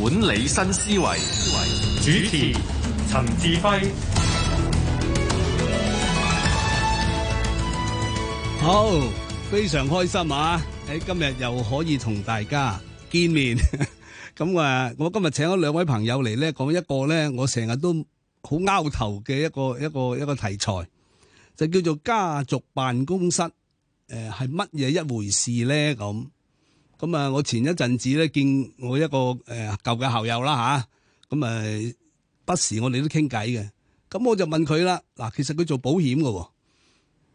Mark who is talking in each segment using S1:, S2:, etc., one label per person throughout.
S1: 管理新思維，主持陳志輝，
S2: 好，非常開心啊！喺今日又可以同大家見面，咁 誒、嗯，我今日請咗兩位朋友嚟咧，講一個咧，我成日都好拗頭嘅一個一個一個題材，就叫做家族辦公室，誒、呃，係乜嘢一回事咧？咁。咁啊！我前一陣子咧見我一個誒、欸、舊嘅校友啦吓，咁啊，啊不時我哋都傾偈嘅。咁我就問佢啦，嗱其實佢做保險嘅喎。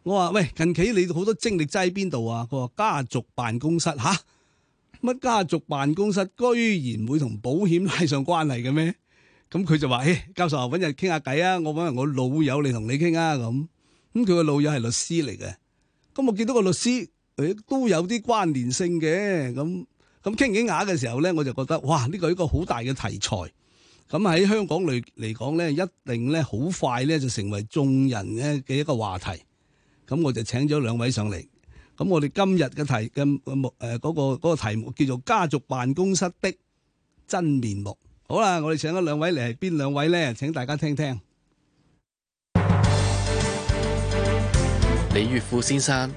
S2: 我話喂，近期你好多精力擠喺邊度啊？佢話家族辦公室吓。乜、啊、家族辦公室居然會同保險拉上關係嘅咩？咁佢就話：誒、欸、教授揾日傾下偈啊，我揾埋我老友嚟同你傾啊咁。咁佢個老友係律師嚟嘅，咁我見到個律師，都有啲關聯性嘅，咁咁傾傾下嘅時候咧，我就覺得哇，呢個一個好大嘅題材，咁喺香港嚟嚟講咧，一定咧好快咧就成為眾人嘅嘅一個話題，咁我就請咗兩位上嚟，咁我哋今日嘅題嘅目嗰個題目叫做《家族辦公室的真面目》。好啦，我哋請咗兩位嚟，邊兩位咧？請大家聽聽，
S1: 李悅富先生。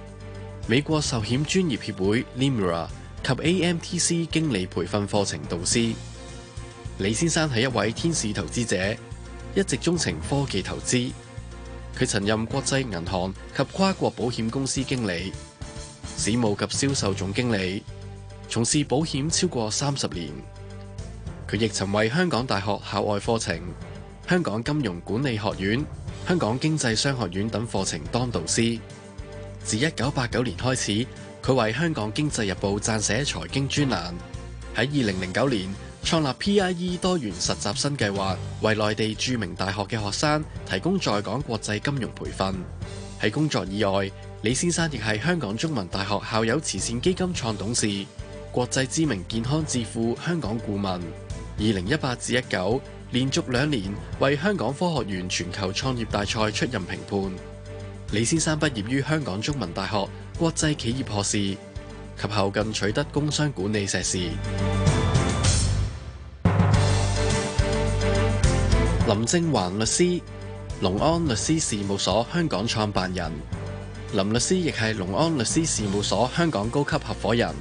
S1: 美國壽險專業協會 LIMRA 及 AMTC 經理培訓課程導師，李先生係一位天使投資者，一直鍾情科技投資。佢曾任國際銀行及跨國保險公司經理、市務及銷售總經理，從事保險超過三十年。佢亦曾為香港大學校外課程、香港金融管理學院、香港經濟商學院等課程當導師。自一九八九年開始，佢為香港經濟日報撰寫財經專欄。喺二零零九年，創立 P.I.E 多元實習新計劃，為內地著名大學嘅學生提供在港國際金融培訓。喺工作以外，李先生亦係香港中文大學校友慈善基金創董事、國際知名健康智庫香港顧問。二零一八至一九連續兩年為香港科學園全球創業大賽出任評判。李先生畢業於香港中文大學國際企業學士及後近取得工商管理碩士。林靖寰律師，隆安律師事務所香港創辦人，林律師亦係隆安律師事務所香港高級合夥人。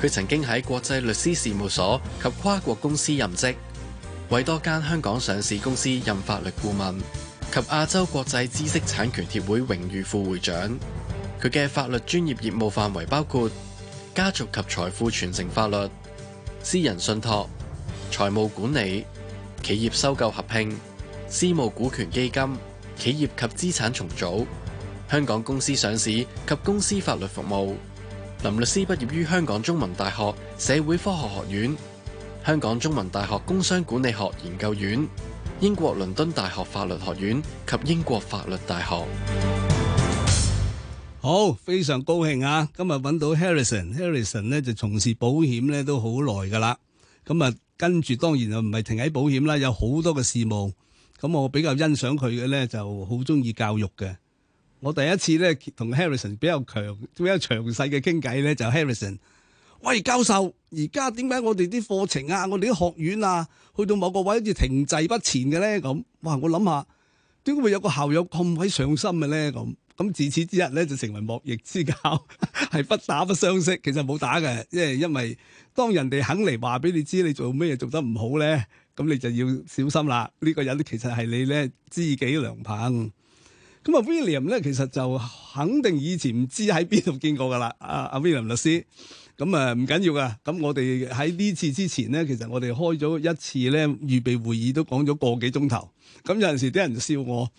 S1: 佢曾經喺國際律師事務所及跨國公司任職，為多間香港上市公司任法律顧問。及亞洲國際知識產權協會榮譽副會長，佢嘅法律專業業務範圍包括家族及財富傳承法律、私人信託、財務管理、企業收購合併、私募股權基金、企業及資產重組、香港公司上市及公司法律服務。林律師畢業於香港中文大學社會科學學院。香港中文大學工商管理學研究院，英國倫敦大學法律學院及英國法律大學。
S2: 好，非常高興啊！今日揾到 Harrison，Harrison 咧就從事保險咧都好耐噶啦。咁啊，跟住當然啊唔係停喺保險啦，有好多嘅事務。咁我比較欣賞佢嘅咧，就好中意教育嘅。我第一次咧同 Harrison 比較強，比較詳細嘅傾偈咧，就是，Harrison。喂，教授，而家點解我哋啲課程啊，我哋啲學院啊，去到某個位置停滯不前嘅咧？咁，哇！我諗下，點會有個校友咁鬼上心嘅咧？咁咁自此之日咧，就成為莫逆之交，係 不打不相識。其實冇打嘅，因為當人哋肯嚟話俾你知你做咩嘢做得唔好咧，咁你就要小心啦。呢、呢個人其實係你咧知己良朋。咁啊，William 咧，其實就肯定以前唔知喺邊度見過噶啦。阿、啊、阿、啊、William 律師。咁啊唔緊要噶，咁我哋喺呢次之前咧，其實我哋開咗一次咧預備會議都，都講咗個幾鐘頭。咁有陣時啲人笑我，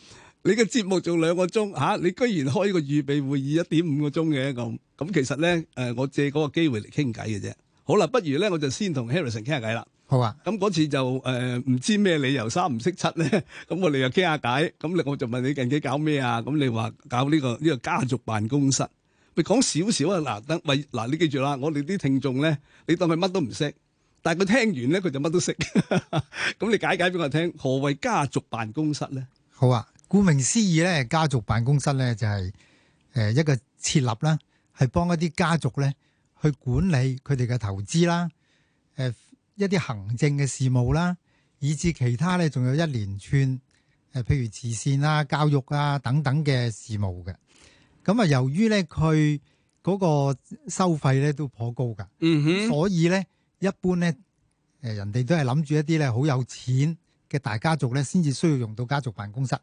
S2: 你嘅節目做兩個鐘嚇、啊，你居然開一個預備會議一點五個鐘嘅咁。咁其實咧誒，我借嗰個機會嚟傾偈嘅啫。好啦，不如咧我就先同 Harrison 傾下偈啦。好啊。咁嗰次就誒唔、呃、知咩理由三唔識七咧，咁 我哋又傾下偈。咁我就問你近期搞咩啊？咁你話搞呢、呢個呢、呢個家族辦公室。你講少少啊！嗱，等喂，嗱你記住啦，我哋啲聽眾咧，你當佢乜都唔識，但係佢聽完咧，佢就乜都識。咁 你解解俾我聽，何謂家族辦公室咧？
S3: 好啊，顧名思義咧，家族辦公室咧就係誒一個設立啦，係幫一啲家族咧去管理佢哋嘅投資啦，誒一啲行政嘅事務啦，以至其他咧仲有一連串誒譬如慈善啊、教育啊等等嘅事務嘅。咁啊，由於咧佢嗰個收費咧都頗高噶，嗯、哼所以咧一般咧誒人哋都係諗住一啲咧好有錢嘅大家族咧，先至需要用到家族辦公室。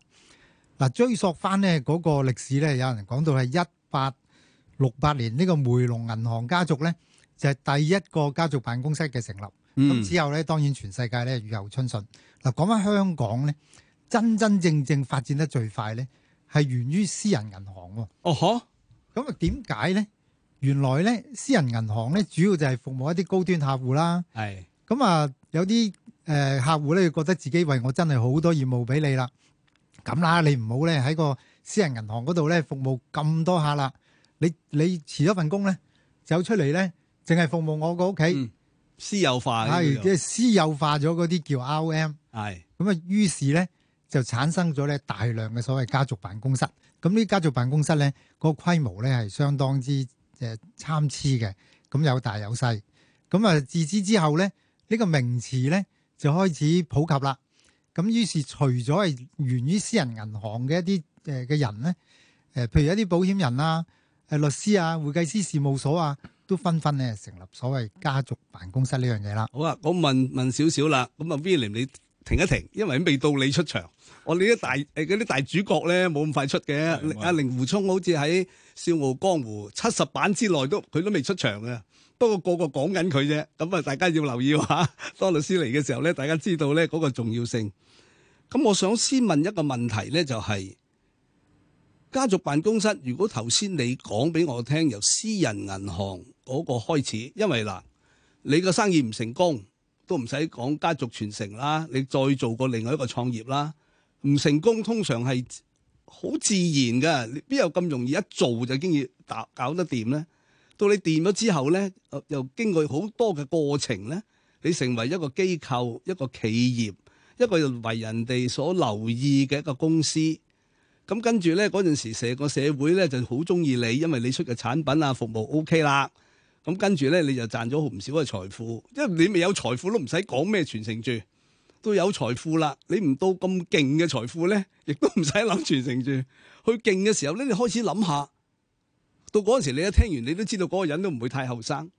S3: 嗱，追溯翻咧嗰個歷史咧，有人講到係一八六八年呢、呢個梅隆銀行家族咧，就係第一個家族辦公室嘅成立。咁、嗯、之後咧，當然全世界咧雨後春筍嗱，講翻香港咧，真真正正發展得最快咧。係源於私人銀行喎。哦哈，咁啊點解咧？原來咧，私人銀行咧主要就係服務一啲高端客戶啦。係。咁啊，有啲誒客戶咧，覺得自己喂，我真係好多業務俾你啦。咁啦，你唔好咧喺個私人銀行嗰度咧服務咁多客啦。你你辭咗份工咧，走出嚟咧，淨係服務我個屋企。
S2: 私有化。係，即係
S3: 私有化咗嗰啲叫 RM。係。咁啊，於是咧。就產生咗咧大量嘅所謂家族辦公室，咁呢家族辦公室咧個規模咧係相當之誒參差嘅，咁有大有細。咁啊自此之後咧，呢個名詞咧就開始普及啦。咁於是除咗係源於私人銀行嘅一啲誒嘅人咧，誒譬如一啲保險人啦、誒律師啊、會計師事務所啊，都紛紛咧成立所謂家族辦公室呢樣嘢啦。
S2: 好啊，我問問少少啦，咁啊 William 你？停一停，因為未到你出場，我呢啲大嗰啲大主角咧，冇咁快出嘅。阿令狐沖好似喺《笑傲江湖》七十版之內都佢都未出場嘅。不過個個講緊佢啫。咁啊，大家要留意吓。當律師嚟嘅時候咧，大家知道咧嗰個重要性。咁我想先問一個問題咧、就是，就係家族辦公室。如果頭先你講俾我聽由私人銀行嗰個開始，因為嗱，你個生意唔成功。都唔使講家族傳承啦，你再做過另外一個創業啦，唔成功通常係好自然嘅。你邊有咁容易一做就經已搞得掂咧？到你掂咗之後咧，又經過好多嘅過程咧，你成為一個機構、一個企業、一個為人哋所留意嘅一個公司，咁跟住咧嗰陣時成個社會咧就好中意你，因為你出嘅產品啊，服務 OK 啦。咁跟住咧，你就賺咗好唔少嘅財富，因為你咪有財富都唔使講咩傳承住，都有財富啦。你唔到咁勁嘅財富咧，亦都唔使諗傳承住。去勁嘅時候咧，你開始諗下。到嗰陣時，你一聽完，你都知道嗰個人都唔會太後生。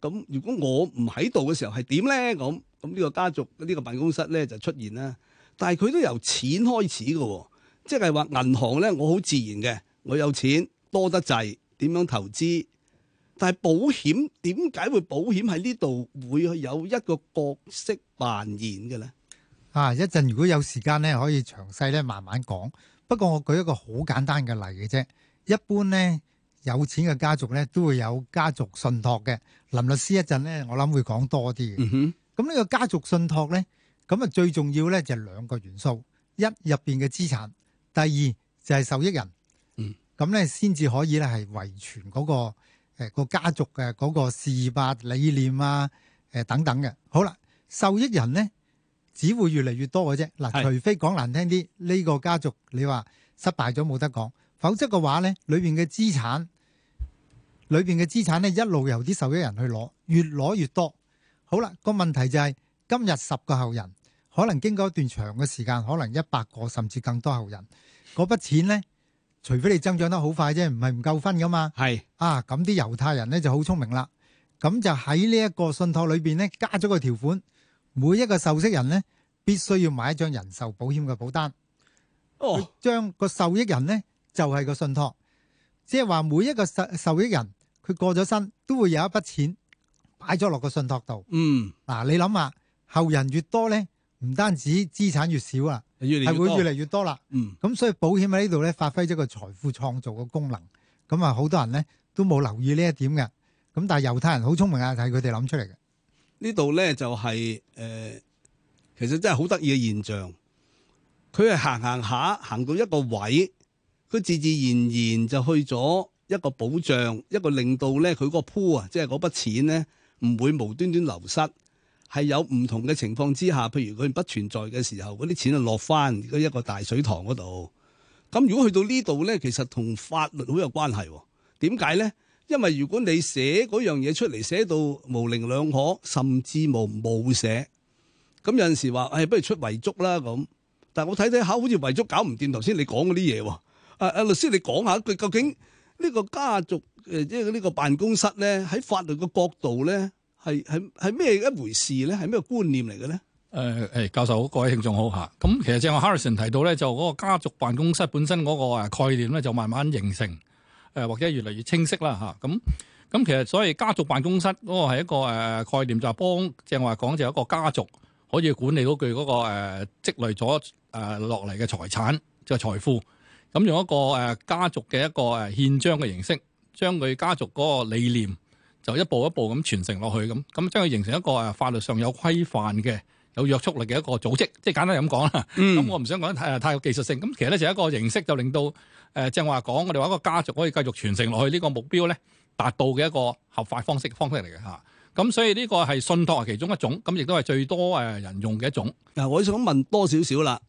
S2: 咁如果我唔喺度嘅時候係點咧？咁咁呢個家族呢個辦公室咧就出現啦。但係佢都由錢開始嘅喎，即係話銀行咧，我好自然嘅，我有錢多得滯，點樣投資？但係保險點解會保險喺呢度會有一個角色扮演嘅咧？
S3: 啊，一陣如果有時間咧，可以詳細咧慢慢講。不過我舉一個好簡單嘅例嘅啫。一般咧有錢嘅家族咧都會有家族信託嘅。林律師一陣咧，我諗會講多啲嘅。咁呢、嗯、哼個家族信託咧，咁啊最重要咧就兩個元素：一入邊嘅資產，第二就係、是、受益人。嗯，咁咧先至可以咧係遺傳嗰個。誒，個家族嘅嗰個事法理念啊，誒等等嘅，好啦，受益人咧只會越嚟越多嘅啫。嗱是，除非講難聽啲，呢、這個家族你話失敗咗冇得講，否則嘅話咧，裏邊嘅資產，裏邊嘅資產咧一路由啲受益人去攞，越攞越多。好啦，個問題就係、是、今日十個後人，可能經過一段長嘅時間，可能一百個甚至更多後人，嗰筆錢咧。除非你增長得好快啫，唔係唔夠分㗎嘛。係是啊，咁啲猶太人咧就好聰明啦，咁就喺呢一個信託裏面咧加咗個條款，每一個受益人咧必須要買一張人壽保險嘅保單。哦，佢將個受益人咧就係、是、個信託，即係話每一個受受益人佢過咗身都會有一筆錢擺咗落個信託度。嗯，嗱、啊、你諗下，後人越多咧，唔單止資產越少啦。係會越嚟越多啦，咁、嗯、所以保險喺呢度咧，發揮咗個財富創造嘅功能，咁啊，好多人咧都冇留意呢一點嘅，咁但係猶太人好聰明啊，睇佢哋諗出嚟嘅。
S2: 呢度咧就係、是、誒、呃，其實真係好得意嘅現象，佢係行行下，行到一個位，佢自自然然就去咗一個保障，一個令到咧佢個鋪啊，即係嗰筆錢咧唔會無端端流失。係有唔同嘅情況之下，譬如佢不存在嘅時候，嗰啲錢就落翻嗰一個大水塘嗰度。咁如果去到呢度咧，其實同法律好有關係，哦。點解咧？因為如果你寫嗰樣嘢出嚟，寫到模棱兩可，甚至無冇寫，咁有陣時話、哎、不如出遺囑啦咁。但係我睇睇下，好似遺囑搞唔掂，頭先你講嗰啲嘢喎。阿、啊、律師，你講下佢究竟呢個家族即係呢個辦公室咧，喺法律嘅角度咧？係係係咩一回事咧？係咩觀念嚟嘅
S4: 咧？誒誒，教授好，各位聽眾好嚇。咁其實正話 Harrison 提到咧，就嗰個家族辦公室本身嗰個誒概念咧，就慢慢形成誒，或者越嚟越清晰啦嚇。咁咁其實所謂家族辦公室嗰個係一個誒概念，就係幫正話講，就係一個家族可以管理到佢嗰個誒積累咗誒落嚟嘅財產，即係財富。咁用一個誒家族嘅一個誒憲章嘅形式，將佢家族嗰個理念。就一步一步咁傳承落去，咁咁將佢形成一個誒法律上有規範嘅有約束力嘅一個組織，即係簡單咁講啦。咁我唔想講誒太技術性。咁其實咧就一個形式，就令到誒即係話講我哋話一個家族可以繼續傳承落去呢個目標咧達到嘅一個合法方式方式嚟嘅嚇。咁所以呢個係信託係其中一
S2: 種，咁亦都係最多誒人用嘅一種嗱。我想問多少少啦？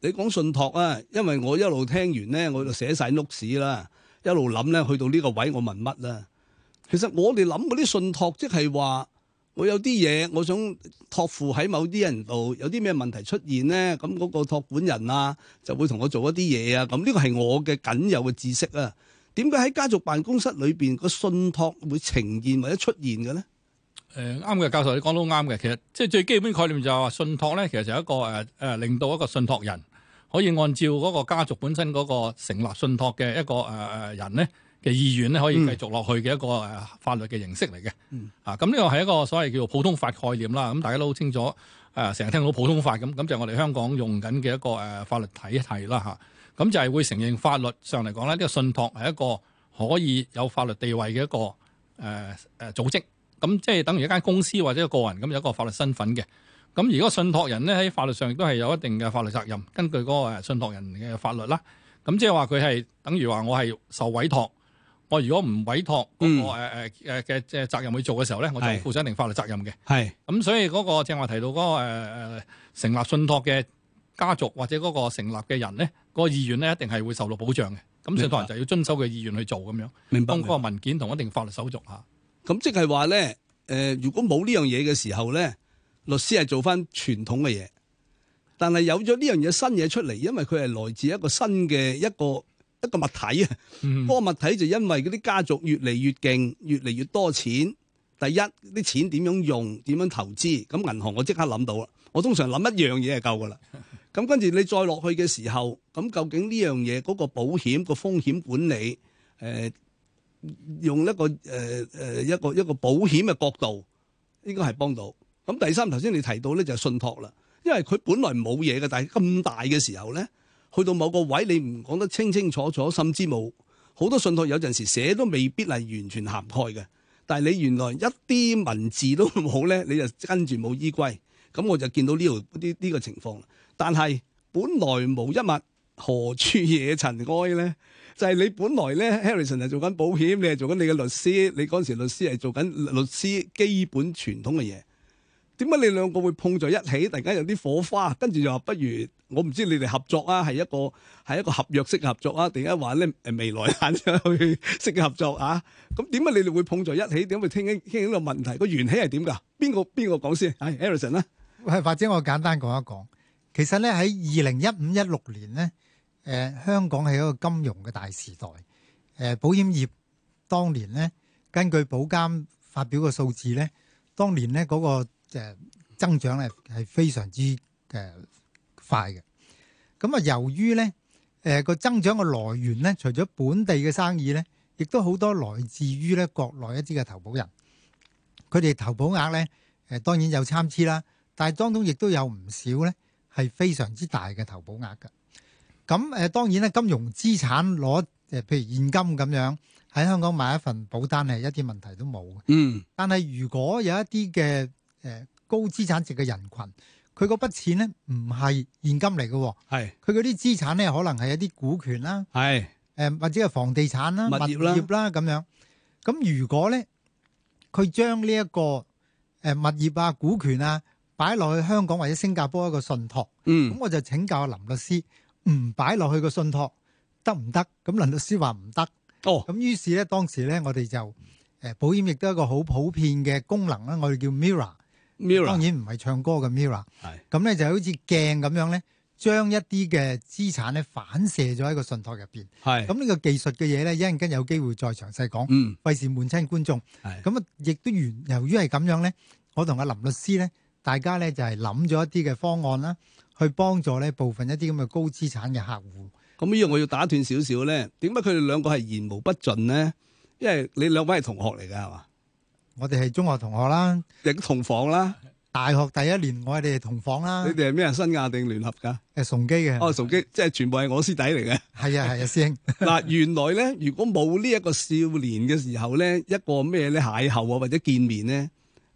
S2: 你講信託啊，因為我一路聽完咧，我就寫曬落紙啦，一路諗咧，去到呢個位我問乜啦？其實我哋諗嗰啲信託，即係話我有啲嘢，我想託付喺某啲人度，有啲咩問題出現咧，咁嗰個託管人啊，就會同我做一啲嘢啊，咁呢個係我嘅僅有嘅知識啊。點解喺家族辦公室裏邊個信託會，會呈現或者出現嘅咧？
S4: 誒、呃，
S2: 啱嘅，教授你講都
S4: 啱嘅。其實即係最基本概念就係、是、話信託咧，其實就係一個誒誒、呃，令到一個信託人可以按照嗰個家族本身嗰個成立信託嘅一個誒誒、呃、人咧。嘅意願咧，可以繼續落去嘅一個誒法律嘅形式嚟嘅、嗯、啊。咁、這、呢個係一個所謂叫做普通法概念啦。咁大家都好清楚誒，成、啊、日聽到普通法咁咁，啊嗯、就係我哋香港用緊嘅一個誒法律體系啦嚇。咁、啊啊啊、就係、是、會承認法律上嚟講咧，呢、這個信託係一個可以有法律地位嘅一個誒誒、啊啊、組織。咁、啊、即係等於一間公司或者個人咁、啊、有一個法律身份嘅。咁如果信託人咧，喺法律上亦都係有一定嘅法律責任，根據嗰個信託人嘅法律啦。咁即係話佢係等於話我係受委託。我如果唔委託嗰、那個誒誒誒嘅即係責任去做嘅時候咧，我就負上一定法律責任嘅。係咁、嗯，所以嗰、那個正話提到嗰、那個誒誒、呃、成立信託嘅家族或者嗰個成立嘅人咧，那個意願咧一定係會受到保障嘅。咁信託人就要遵守佢意願去做咁樣，明白嗰個
S2: 文件同一定法律手續吓。咁即係話咧，誒、呃、如果冇呢樣嘢嘅時候咧，律師係做翻傳統嘅嘢，但係有咗呢樣嘢新嘢出嚟，因為佢係來自一個新嘅一個。一個物體啊，嗰個物體就因為嗰啲家族越嚟越勁，越嚟越多錢。第一啲錢點樣用，點樣投資？咁銀行我即刻諗到啦。我通常諗一樣嘢係夠噶啦。咁跟住你再落去嘅時候，咁究竟呢樣嘢嗰個保險、個風險管理，誒、呃，用一個誒誒、呃、一個一個保險嘅角度，應該係幫到。咁第三，頭先你提到咧就係信託啦，因為佢本來冇嘢嘅，但係咁大嘅時候咧。去到某個位，你唔講得清清楚楚，甚至冇好多信託，有陣時寫都未必係完全涵蓋嘅。但係你原來一啲文字都冇咧，你就跟住冇依歸。咁我就見到呢度啲呢個情況。但係本來無一物，何處惹塵埃咧？就係、是、你本來咧，Harrison 係做緊保險，你係做緊你嘅律師。你嗰陣時律師係做緊律師基本傳統嘅嘢。點解你兩個會碰在一起，突然間有啲火花，跟住就話不如？我唔知你哋合作啊，係一個係一個合約式合作啊，定一話咧，誒未來引入去式合作啊？咁點解你哋會碰在一起？點會傾傾傾呢個問題？個緣起係點噶？邊個邊個講先？係 Ellison 啦，
S3: 係或者我簡單講一講。其實咧喺二零一五一六年咧，誒香港係一個金融嘅大時代。誒保險業當年咧，根據保監發表嘅數字咧，當年咧嗰個誒增長咧係非常之嘅。快嘅，咁啊，由於咧，誒個增長嘅來源咧，除咗本地嘅生意咧，亦都好多來自於咧國內一啲嘅投保人，佢哋投保額咧，誒當然有參差啦，但係當中亦都有唔少咧係非常之大嘅投保額㗎。咁誒當然咧，金融資產攞誒譬如現金咁樣喺香港買一份保單係一啲問題都冇嘅。嗯，但係如果有一啲嘅誒高資產值嘅人群。佢嗰筆錢咧唔係現金嚟嘅喎，係佢嗰啲資產咧，可能係一啲股權啦，係誒是或者係房地產啦、物業啦咁樣。咁如果咧佢將呢一個誒物業啊、股權啊擺落去香港或者新加坡一個信託，咁、嗯、我就請教林律師，唔擺落去個信託得唔得？咁林律師話唔得。哦，咁於是咧當時咧我哋就誒保險亦都係一個好普遍嘅功能啦，我哋叫 Mirror。Mirror? 當然唔係唱歌嘅 Mirror，咁咧是就好似鏡咁樣咧，將一啲嘅資產咧反射咗喺個信託入邊。咁呢是個技術嘅嘢咧，一陣間有機會再詳細講。費事、嗯、悶親觀眾。咁啊是，亦都由於係咁樣咧，我同阿林律師咧，大家咧就係諗咗一啲嘅方案啦，去幫助呢部分一啲咁嘅高資產嘅客戶。
S2: 咁呢樣我要打斷少少咧，點解佢哋兩個係言無不盡呢？因為你兩位係同學嚟嘅係嘛？
S3: 我哋係中學同學啦，
S2: 亦都同房啦。
S3: 大學第一年我哋同房啦。你哋
S2: 係咩人？新亞定聯合噶？欸，崇基嘅。哦，崇基，即係全部係我師弟嚟嘅。係啊，係啊，師兄。嗱，原來咧，如果冇呢一個少年嘅時候咧，一個咩咧邂逅啊或者見面咧，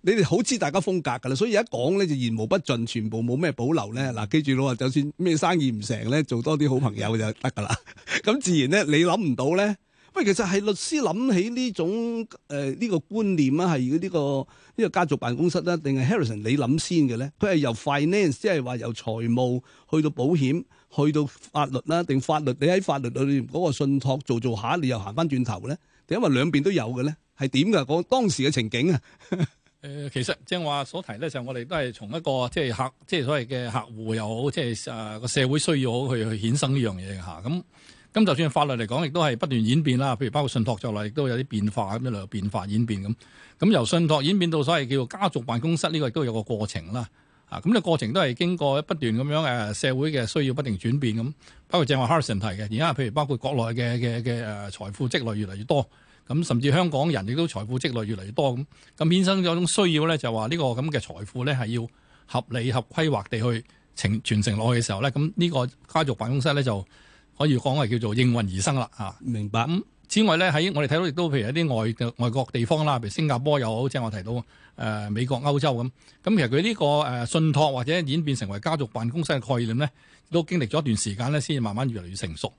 S2: 你哋好知大家風格噶啦。所以一講咧就言無不盡，全部冇咩保留咧。嗱，記住咯，就算咩生意唔成咧，做多啲好朋友就得噶啦。咁自然咧，你諗唔到咧。喂，其實係律師諗起呢種誒呢、呃這個觀念啊，係呢、這個呢、這個家族辦公室啦，定係 Harrison 你諗先嘅咧？佢係由 Finance，即係話由財務去到保險，去到法律啦，定法律你喺法律裏面嗰個信託做做下，你又行翻轉頭咧？定因為兩邊都有嘅咧？係點㗎？我當時嘅情景啊？
S4: 誒、 呃，其實正話所提咧，就是、我哋都係從一個即係、就是、客，即、就、係、是、所謂嘅客戶又好，即係誒
S2: 個社會需要好去
S4: 去衍生呢樣嘢嘅咁。啊嗯咁就算法律嚟講，亦都係不斷演變啦。譬如包括信託在內亦都有啲變化咁，一路變化演變咁。咁由信託演變到所謂叫做家族辦公室呢、呢個，亦都有個過程啦。啊，咁呢個過程都係經過不斷咁樣社會嘅需要，不停轉變咁。包括正話 Harrison 提嘅，而家譬如包括國內嘅嘅嘅財富積累越嚟越多，咁甚至香港人亦都財富積累越嚟越多咁，咁衍生咗種需要咧，就話、是、呢個咁嘅財富咧係要合理合規劃地去傳傳承落去嘅時候咧，咁呢個家族辦公室咧就。可以講係叫做應運而生啦吓，明白咁。此外咧，喺我哋睇到亦都譬如一啲外外國地方啦，譬如新加坡又好，即係我提到、呃、美國、歐洲咁。咁其實佢呢個信託或者演變成為家族辦公室嘅概念咧，都經歷咗一段時間咧，先慢慢越嚟越成熟。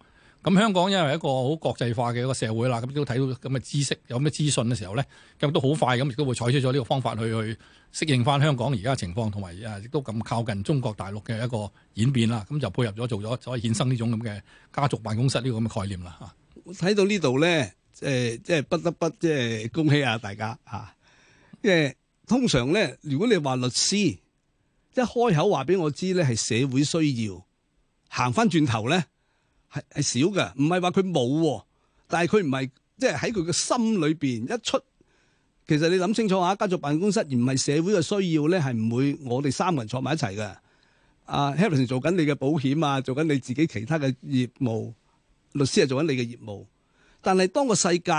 S4: 咁香港因為一個好國際化嘅一個社會啦，咁都睇到咁嘅知識有咁嘅資訊嘅時候咧，咁都好快咁亦都會採取咗呢個方法去去適應翻香港而家嘅情況，同埋啊亦都咁靠近中國大陸嘅一個演變啦，咁就配合咗做咗，所以衍生呢種咁嘅家族辦公室呢個咁嘅概念啦
S2: 嚇。睇到呢度咧，誒即係不得不即係恭喜啊大家嚇，因為，啊，通常咧如果你話律師一開口話俾我知咧係社會需要行翻轉頭咧。係係少嘅，唔係話佢冇，但係佢唔係即係喺佢嘅心裏邊一出。其實你諗清楚下，家族辦公室而唔係社會嘅需要咧，係唔會我哋三個人坐埋一齊嘅。阿 h a l r o n 做緊你嘅保險啊，做緊你自己其他嘅業務，律師係做緊你嘅業務。但係當個世界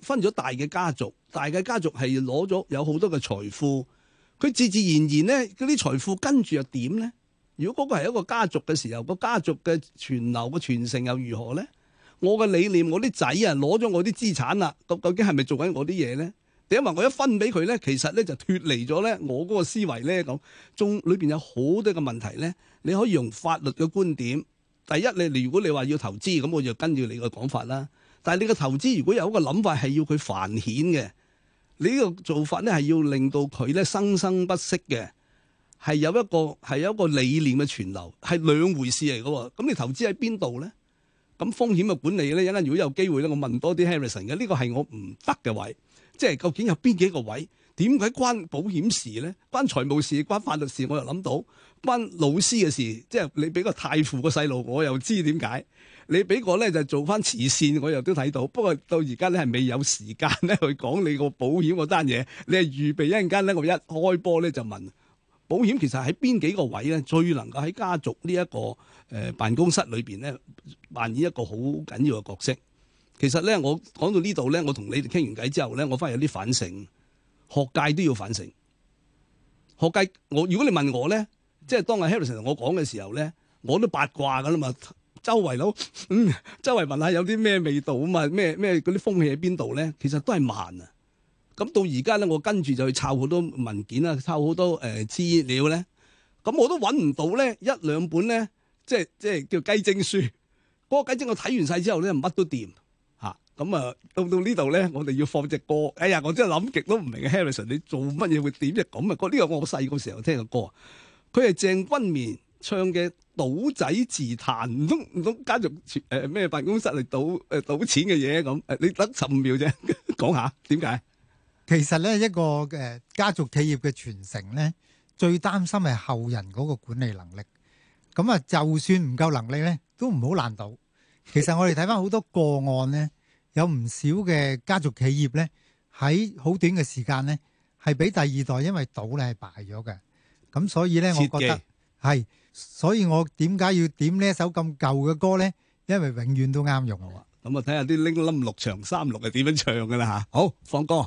S2: 分咗大嘅家族，大嘅家族係攞咗有好多嘅財富，佢自自然然咧，嗰啲財富跟住又點咧？如果嗰個係一個家族嘅時候，個家族嘅傳流嘅傳承又如何咧？我嘅理念，我啲仔啊攞咗我啲資產啦，咁究竟係咪做緊我啲嘢咧？第一，我一分俾佢咧，其實咧就脱離咗咧我嗰個思維咧咁，中裏邊有好多嘅問題咧。你可以用法律嘅觀點。第一，你如果你話要投資，咁我就跟住你嘅講法啦。但係你嘅投資如果有一個諗法係要佢繁衍嘅，你呢個做法咧係要令到佢咧生生不息嘅。係有一個係有一個理念嘅傳流，係兩回事嚟嘅。咁你投資喺邊度咧？咁風險嘅管理咧，一陣如果有機會咧，我問多啲 Harrison 嘅，呢個係我唔得嘅位，即係究竟有邊幾個位？點解關保險事咧？關財務事？關法律事？我又諗到關老師嘅事，即係你俾個太富個細路，我又知點解你俾個咧就是、做翻慈善，我又都睇到。不過到而家咧係未有時間咧去講你個保險嗰單嘢，你係預備一陣間咧，我一開波咧就問。保險其實喺邊幾個位咧，最能夠喺家族呢、這、一個誒、呃、辦公室裏邊咧扮演一個好緊要嘅角色。其實咧，我講到這裡呢度咧，我同你哋傾完偈之後咧，我反而有啲反省，學界都要反省。學界，我如果你問我咧，即係當阿 Harrison 同我講嘅時候咧，我都八卦㗎喇嘛，周圍佬、嗯，周圍問下有啲咩味道啊嘛，咩咩嗰啲風氣喺邊度咧，其實都係慢啊。咁到而家咧，我跟住就去抄好多文件啊，抄好多誒、呃、資料咧。咁、嗯、我都揾唔到咧一兩本咧，即係即係叫雞精書。嗰、那個雞精我睇完晒之後咧，乜都掂嚇咁啊！到到呢度咧，我哋要放隻歌。哎呀，我真係諗極都唔明 Harrison 你做乜嘢會點啫？咁啊，呢個我細個時候聽嘅歌，佢係鄭君綿唱嘅《賭仔自嘆》，唔通唔通家族誒咩辦公室嚟賭誒、呃、賭錢嘅嘢咁？你得十五秒啫，講下點解？
S3: 其實咧一個誒家族企業嘅傳承咧，最擔心係後人嗰個管理能力。咁啊，就算唔夠能力咧，都唔好難倒。其實我哋睇翻好多個案咧，有唔少嘅家族企業咧，喺好短嘅時間咧，係俾第二代因為賭咧係敗咗嘅。咁所以咧，我覺得係，所以我點解要點呢一首咁舊嘅歌咧？因為永遠都啱用啊！
S2: 咁啊，睇下啲拎冧六長三六係點樣唱噶啦吓。好，放歌。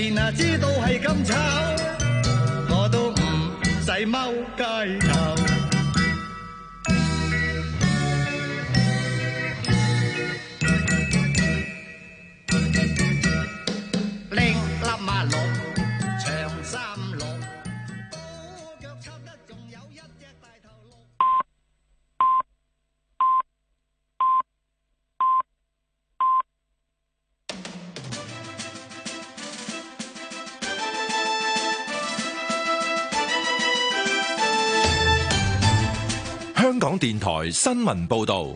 S5: 你哪知道係咁醜，我都唔使踎街。
S4: 香港電台新聞報道，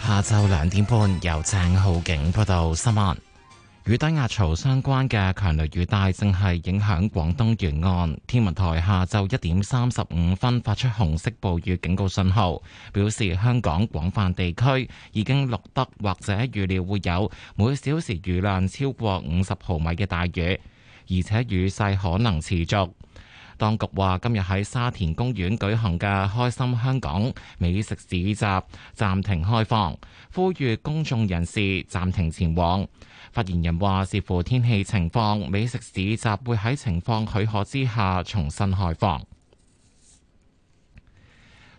S6: 下晝兩點半由鄭浩景報道新聞。與低壓槽相關嘅強雷雨帶正係影響廣東沿岸。天文台下晝一點三十五分發出紅色暴雨警告信號，表示香港廣泛地區已經錄得或者預料會有每小時雨量超過五十毫米嘅大雨，而且雨勢可能持續。當局話今日喺沙田公園舉行嘅開心香港美食市集暫停開放，呼籲公眾人士暫停前往。發言人話視乎天氣情況，美食市集會喺情況許可之下重新開放。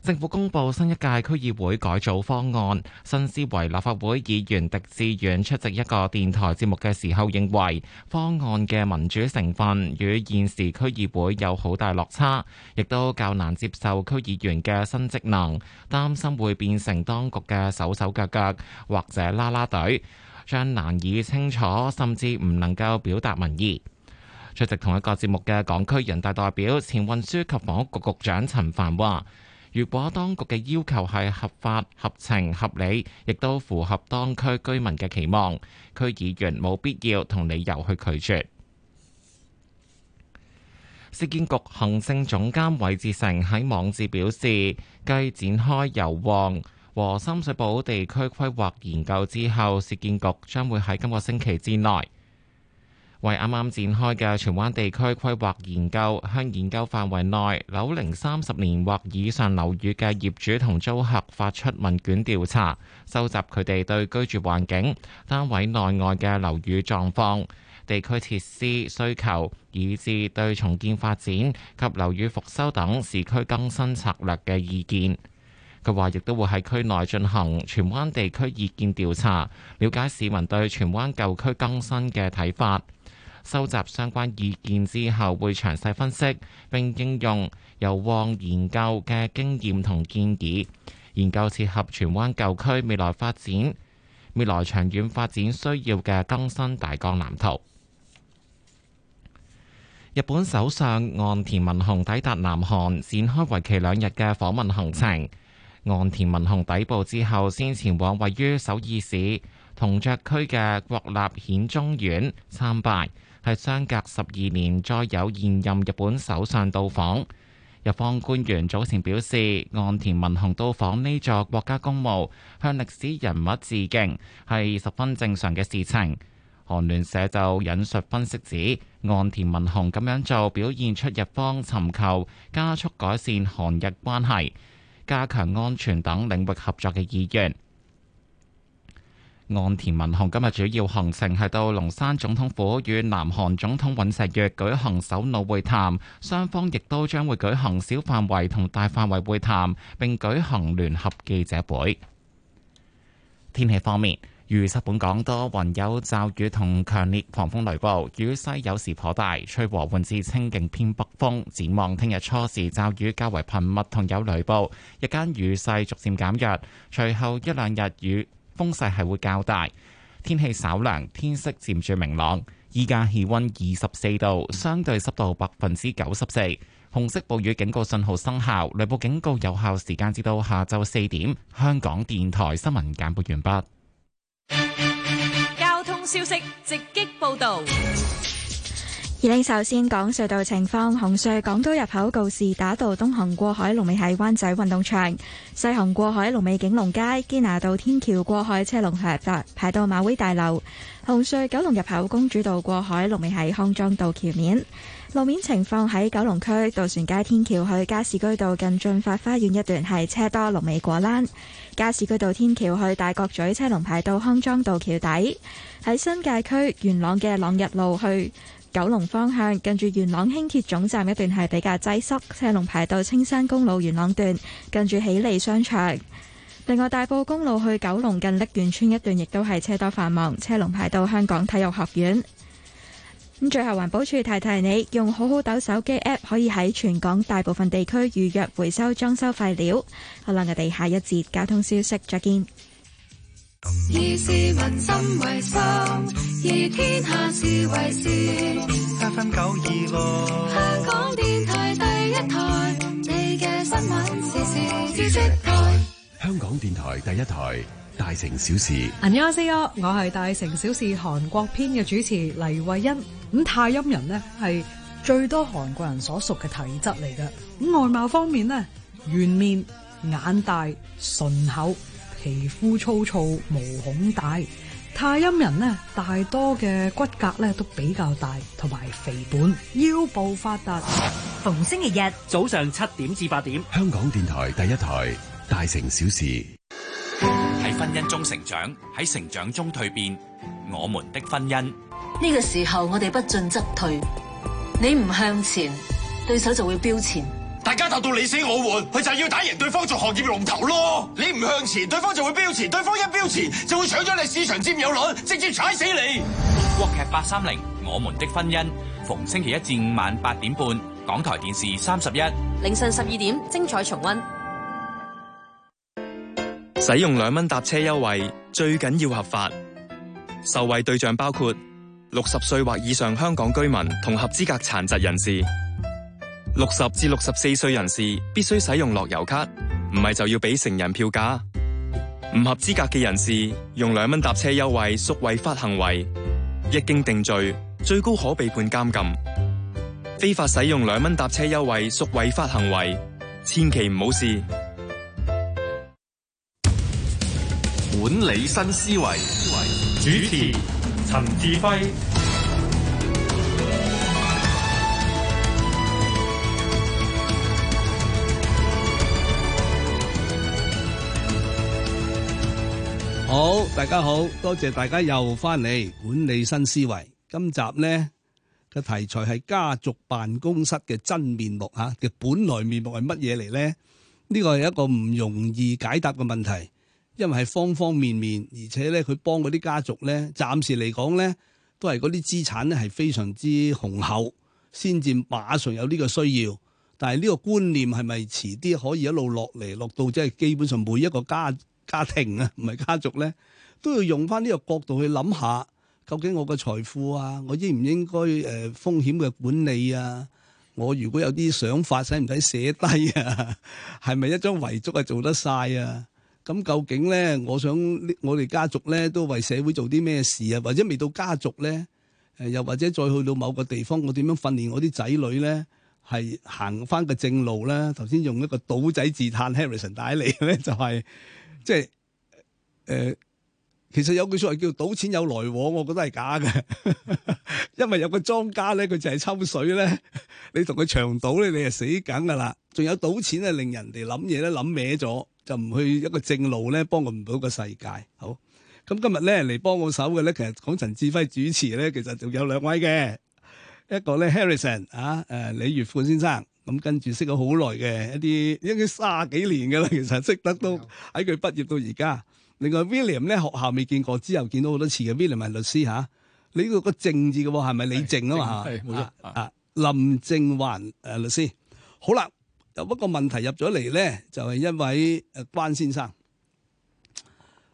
S6: 政府公佈新一屆區議會改組方案，新思維立法會議員狄志遠出席一個電台節目嘅時候，認為方案嘅民主成分與現時區議會有好大落差，亦都較難接受區議員嘅新職能，擔心會變成當局嘅手手腳腳或者啦啦隊，將難以清楚甚至唔能夠表達民意。出席同一個節目嘅港區人大代表、前運輸及房屋局局長陳帆話，如果當局嘅要求係合法、合情、合理，亦都符合當區居民嘅期望，區議員冇必要同理由去拒絕。市建局行政總監韋志成喺網誌表示，繼展開油旺和深水埗地區規劃研究之後，市建局將會喺今個星期之內，為啱啱展開嘅荃灣地區規劃研究，向研究範圍內樓齡三十年或以上樓宇嘅業主同租客發出問卷調查，收集佢哋對居住環境、單位內外嘅樓宇狀況、地區設施需求，以至對重建發展及樓宇復修等市區更新策略嘅意見。佢話亦都會喺區內進行荃灣地區意見調查，了解市民對荃灣舊區更新嘅睇法。收集相關意見之後，會詳細分析並應用有望研究嘅經驗同建議，研究切合荃灣舊區未來發展、未來長遠發展需要嘅更新大綱藍圖。日本首相岸田文雄抵達南韓，展開為期兩日嘅訪問行程。岸田文雄抵步之後，先前往位於首爾市同雀區嘅國立顯忠院參拜。係相隔十二年再有現任日本首相到訪，日方官員早前表示，岸田文雄到訪呢座國家公墓，向歷史人物致敬，係十分正常嘅事情。韓聯社就引述分析指，岸田文雄咁樣做，表現出日方尋求加速改善韓日關係、加強安全等領域合作嘅意願。岸田文雄今日主要行程係到龍山總統府與南韓總統尹錫悅舉行首腦會談，雙方亦都將會舉行小範圍同大範圍會談，並舉行聯合記者會。天氣方面，預測本港多雲有驟雨同強烈狂風雷暴，雨勢有時頗大，吹和緩至清勁偏北風。展望聽日初時驟雨較為頻密同有雷暴，日間雨勢逐漸減弱，隨後一兩日雨。風勢係會較大，天氣稍涼，天色漸轉明朗。而家氣溫二十四度，相對濕度百分之九十四。紅色暴雨警告信號生效，雷暴警告有效時間至到下晝四點。香港電台新聞簡報完畢。
S7: 交通消息直擊報道。
S8: 而家首先講隧道情況：紅隧港島入口告士打道東行過海，龍尾喺灣仔運動場；西行過海，龍尾景隆街堅拿道天橋過海車龍排排到馬會大樓。紅隧九龍入口公主道過海，龍尾喺康莊道橋面。路面情況喺九龍區渡船街天橋去加士居道近駿發花園一段係車多果欄，龍尾果欄；加士居道天橋去大角咀車龍排到康莊道橋底。喺新界區元朗嘅朗日路去，九龍方向，近住元朗輕鐵總站一段係比較擠塞，車龍排到青山公路元朗段，近住喜利商場。另外，大埔公路去九龍近瀝源村一段亦都係車多繁忙，車龍排到香港體育學院。咁最後，環保署提提你，用好好斗手機 app 可以喺全港大部分地區預約回收裝修廢料。好啦，我哋下一節交通消息，再見。
S7: 以以民心為為天下事七分九二，香
S1: 港電台第一台，
S7: 你嘅新聞時事資訊台。
S1: 香港電台第一台，大城小事。
S7: h e l l
S5: 我係大城小事韓國篇嘅主持黎慧欣。咁泰陰人咧係最多韓國人所屬嘅體質嚟嘅。咁外貌方面咧，圓面、眼大、順厚。皮膚粗糙、毛孔大，太陰人大多嘅骨骼咧都比較大，同埋肥胖腰部發達。
S1: 逢星期日早上七點至八點，香港電台第一台《大城小事》喺婚姻中成長，喺成長中蛻變，我們的婚姻。
S5: 呢個時候我哋不進則退，你唔向前，對手就會標前。
S6: 大家鬥到你死我活，佢就要打贏對方做行業龍頭咯。你唔向前，對方就會標前；對方一標前，就會搶咗你市場占
S1: 有率，直接踩死你。國劇八三零，我們的婚姻，逢星期一至五晚八點半，港台電視三十一，
S2: 凌晨十二點精彩重温。
S1: 使用兩蚊搭車優惠，最緊要合法。受惠對象包括六十歲或以上香港居民同合資格
S6: 殘疾人士。六十至六十四歲人士必須使用樂悠卡，唔係就要俾成人票價。唔合資格嘅人士用兩蚊搭車優
S1: 惠屬違法行為，一經定罪，最高可被判監禁。非法使用兩蚊搭車優惠屬違法行為，千祈唔好試。管理新思維，思維，主持陳志輝。
S2: 好，大家好多謝大家又翻嚟管理新思維。今集呢個題材係家族辦公室嘅真面目吓，嘅、啊、本來面目係乜嘢嚟呢？呢個係一個唔容易解答嘅問題，因為係方方面面，而且呢，佢幫嗰啲家族呢，暫時嚟講呢，都係嗰啲資產呢係非常之雄厚，先至馬上有呢個需要。但係呢個觀念係咪遲啲可以一路落嚟，落到即係基本上每一個家？家庭啊，唔係家族咧，都要用翻呢個角度去諗下，究竟我嘅財富啊，我應唔應該誒、呃、風險嘅管理啊？我如果有啲想法，使唔使寫低啊？係咪一張遺囑啊做得晒啊？咁究竟咧，我想我哋家族咧都為社會做啲咩事啊？或者未到家族咧，誒、呃、又或者再去到某個地方，我點樣訓練我啲仔女咧，係行翻個正路咧？頭先用一個賭仔自嘆 Harrison 帶嚟嘅咧，就係、是。即係誒，其實有句說話叫賭錢有來往，我覺得係假嘅，因為有個莊家咧，佢淨係抽水咧。你同佢長賭咧，你啊死梗噶啦。仲有賭錢咧，令人哋諗嘢咧諗歪咗，就唔去一個正路咧，幫佢唔到個世界。好，咁今日咧嚟幫我手嘅咧，其實講陳志輝主持咧，其實仲有兩位嘅，一個咧 Harrison 啊，誒李悅富先生。咁跟住識咗好耐嘅一啲，應該卅幾年嘅啦。其實識得都喺佢畢業到而家。另外 William 咧學校未見過，之後見到好多次嘅，William 係律師嚇。你呢個個靖字嘅喎，係咪李靖啊嘛嚇？冇錯啊，林靖寰誒律師。好啦，有一個問題入咗嚟咧，就係一位誒關先生。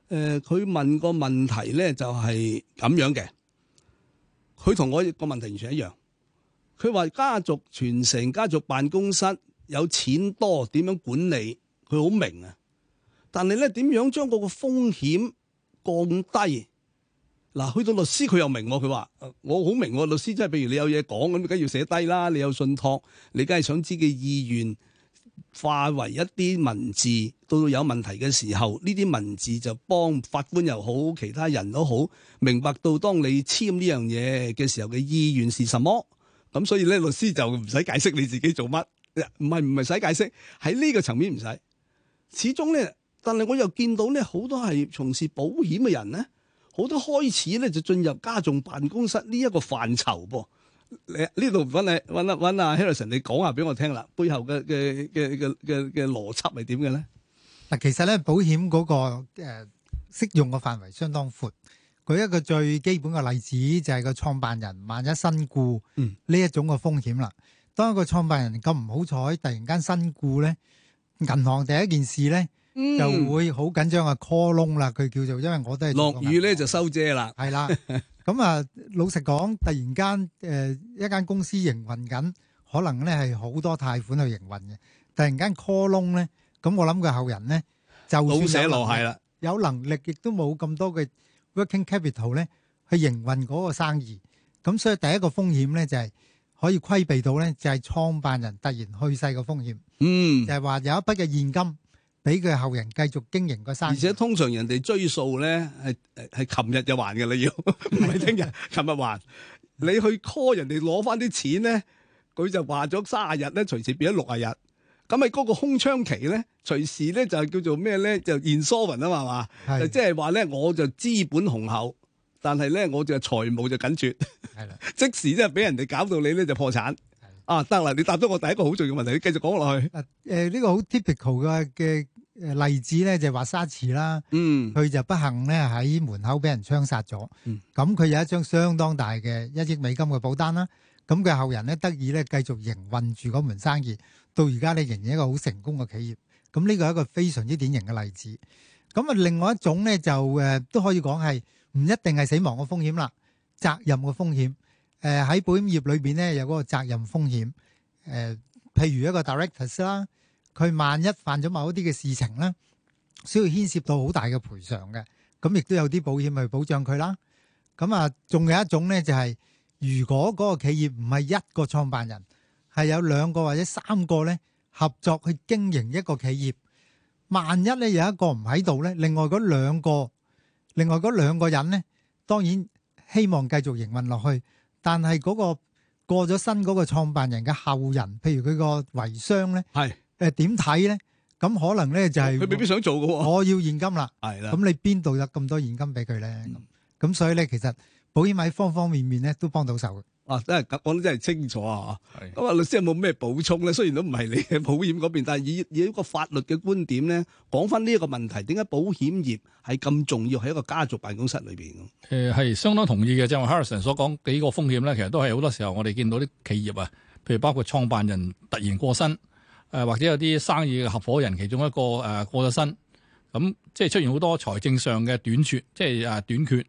S2: 誒，佢問個問題咧就係咁樣嘅，佢同我個問題完全一樣。佢話家族傳承、全城家族辦公室有錢多點樣管理，佢好明啊。但係咧，點樣將嗰個風險降低？嗱，去到律師佢又明，佢話，我好明，律師即係，譬如你有嘢講咁，梗要寫低啦。你有信託，你梗係想知嘅意願，化為一啲文字。到有問題嘅時候，呢啲文字就幫法官又好，其他人都好明白到，當你簽呢樣嘢嘅時候嘅意願是什麼。咁所以咧，律師就唔使解釋你自己做乜，唔係唔係使解釋喺呢個層面唔使。始終咧，但係我又見到咧，好多係從事保險嘅人咧，好多開始咧就進入家族辦公室呢、啊啊、一個範疇噃。你呢度揾你揾啊揾阿 Harrison 你講下俾我聽啦，背後嘅嘅嘅嘅嘅嘅邏輯係點嘅咧？
S3: 嗱，呢其實咧，保險嗰、那個誒適、呃、用嘅範圍相當闊。舉一個最基本嘅例子，就係個創辦人萬一身故呢一種嘅風險啦。當一個創辦人咁唔好彩，突然間身故咧，銀行第一件事咧就會好緊張啊！call loan 啦，佢叫做，因為我都
S2: 係落雨咧就收遮啦，係 啦。
S3: 咁、嗯、啊，老實講，突然間誒、呃、一間公司營運緊，可能咧係好多貸款去營運嘅。突然間 call loan 咧，咁、嗯、我諗佢後人咧就老死落係啦，有能力亦都冇咁多嘅。Working capital 咧，去營運嗰個生意，咁所以第一個風險咧就係、是、可以規避到咧，就係、是、創辦人突然去世嘅風險。嗯，就係話有一筆嘅現金俾佢後人繼續經營個生意，而
S2: 且通常人哋追數咧係係琴日就還嘅了，你要唔係聽日？琴日 還你去 call 人哋攞翻啲錢咧，佢就話咗三十日咧，隨時變咗六十日。咁咪嗰個空窗期咧，隨時咧就叫做咩咧？就 insolvent 啊嘛，係嘛是？就即係話咧，我就資本雄厚，但係咧我就財務就緊絕，的即時即係俾人哋搞到你咧就破產的啊！得啦，你答咗我第一個好重要問題，你繼續講落去。
S3: 呢、啊呃呢個好 typical 嘅嘅例子咧，就話、是、沙茨啦，嗯，佢就不幸咧喺門口俾人槍殺咗，咁佢、嗯、有一張相當大嘅一億美金嘅保單啦，咁佢後人咧得以咧繼續營運住嗰門生意。到而家咧仍然係一個好成功嘅企業，咁呢個係一個非常之典型嘅例子。咁啊，另外一種咧就誒都可以講係唔一定係死亡嘅風險啦，責任嘅風險。誒喺保險業裏邊咧有嗰個責任風險。誒，譬如一個 directors 啦，佢萬一犯咗某一啲嘅事情咧，需要牽涉到好大嘅賠償嘅，咁亦都有啲保險去保障佢啦。咁啊，仲有一種咧就係如果嗰個企業唔係一個創辦人。係有兩個或者三個咧合作去經營一個企業，萬一咧有一個唔喺度咧，另外嗰兩個，另外嗰兩個人咧，當然希望繼續營運落去，但係嗰個過咗身嗰個創辦人嘅後人，譬如佢個遺孀咧，係誒點睇咧？咁可能咧就係佢未必想做嘅，我
S2: 要現金啦。係啦，咁
S3: 你邊度有咁多現金俾佢咧？咁所以咧，其實保險喺方方面面咧都幫到手嘅。
S2: 哇！啊、真係講得真係清楚啊。咁阿係律師有冇咩補充咧？雖然都唔係你嘅保險嗰邊，但係以以一個法律嘅觀點咧，講翻呢一個問題，點解保險業係咁重要喺一個家族辦公室裏邊？
S4: 誒，係相當同意嘅。正如我 Harrison 所講，幾個風險咧，其實都係好多時候我哋見到啲企業啊，譬如包括創辦人突然過身誒，或者有啲生意嘅合夥人其中一個誒過咗身，咁即係出現好多財政上嘅短缺，即係誒短缺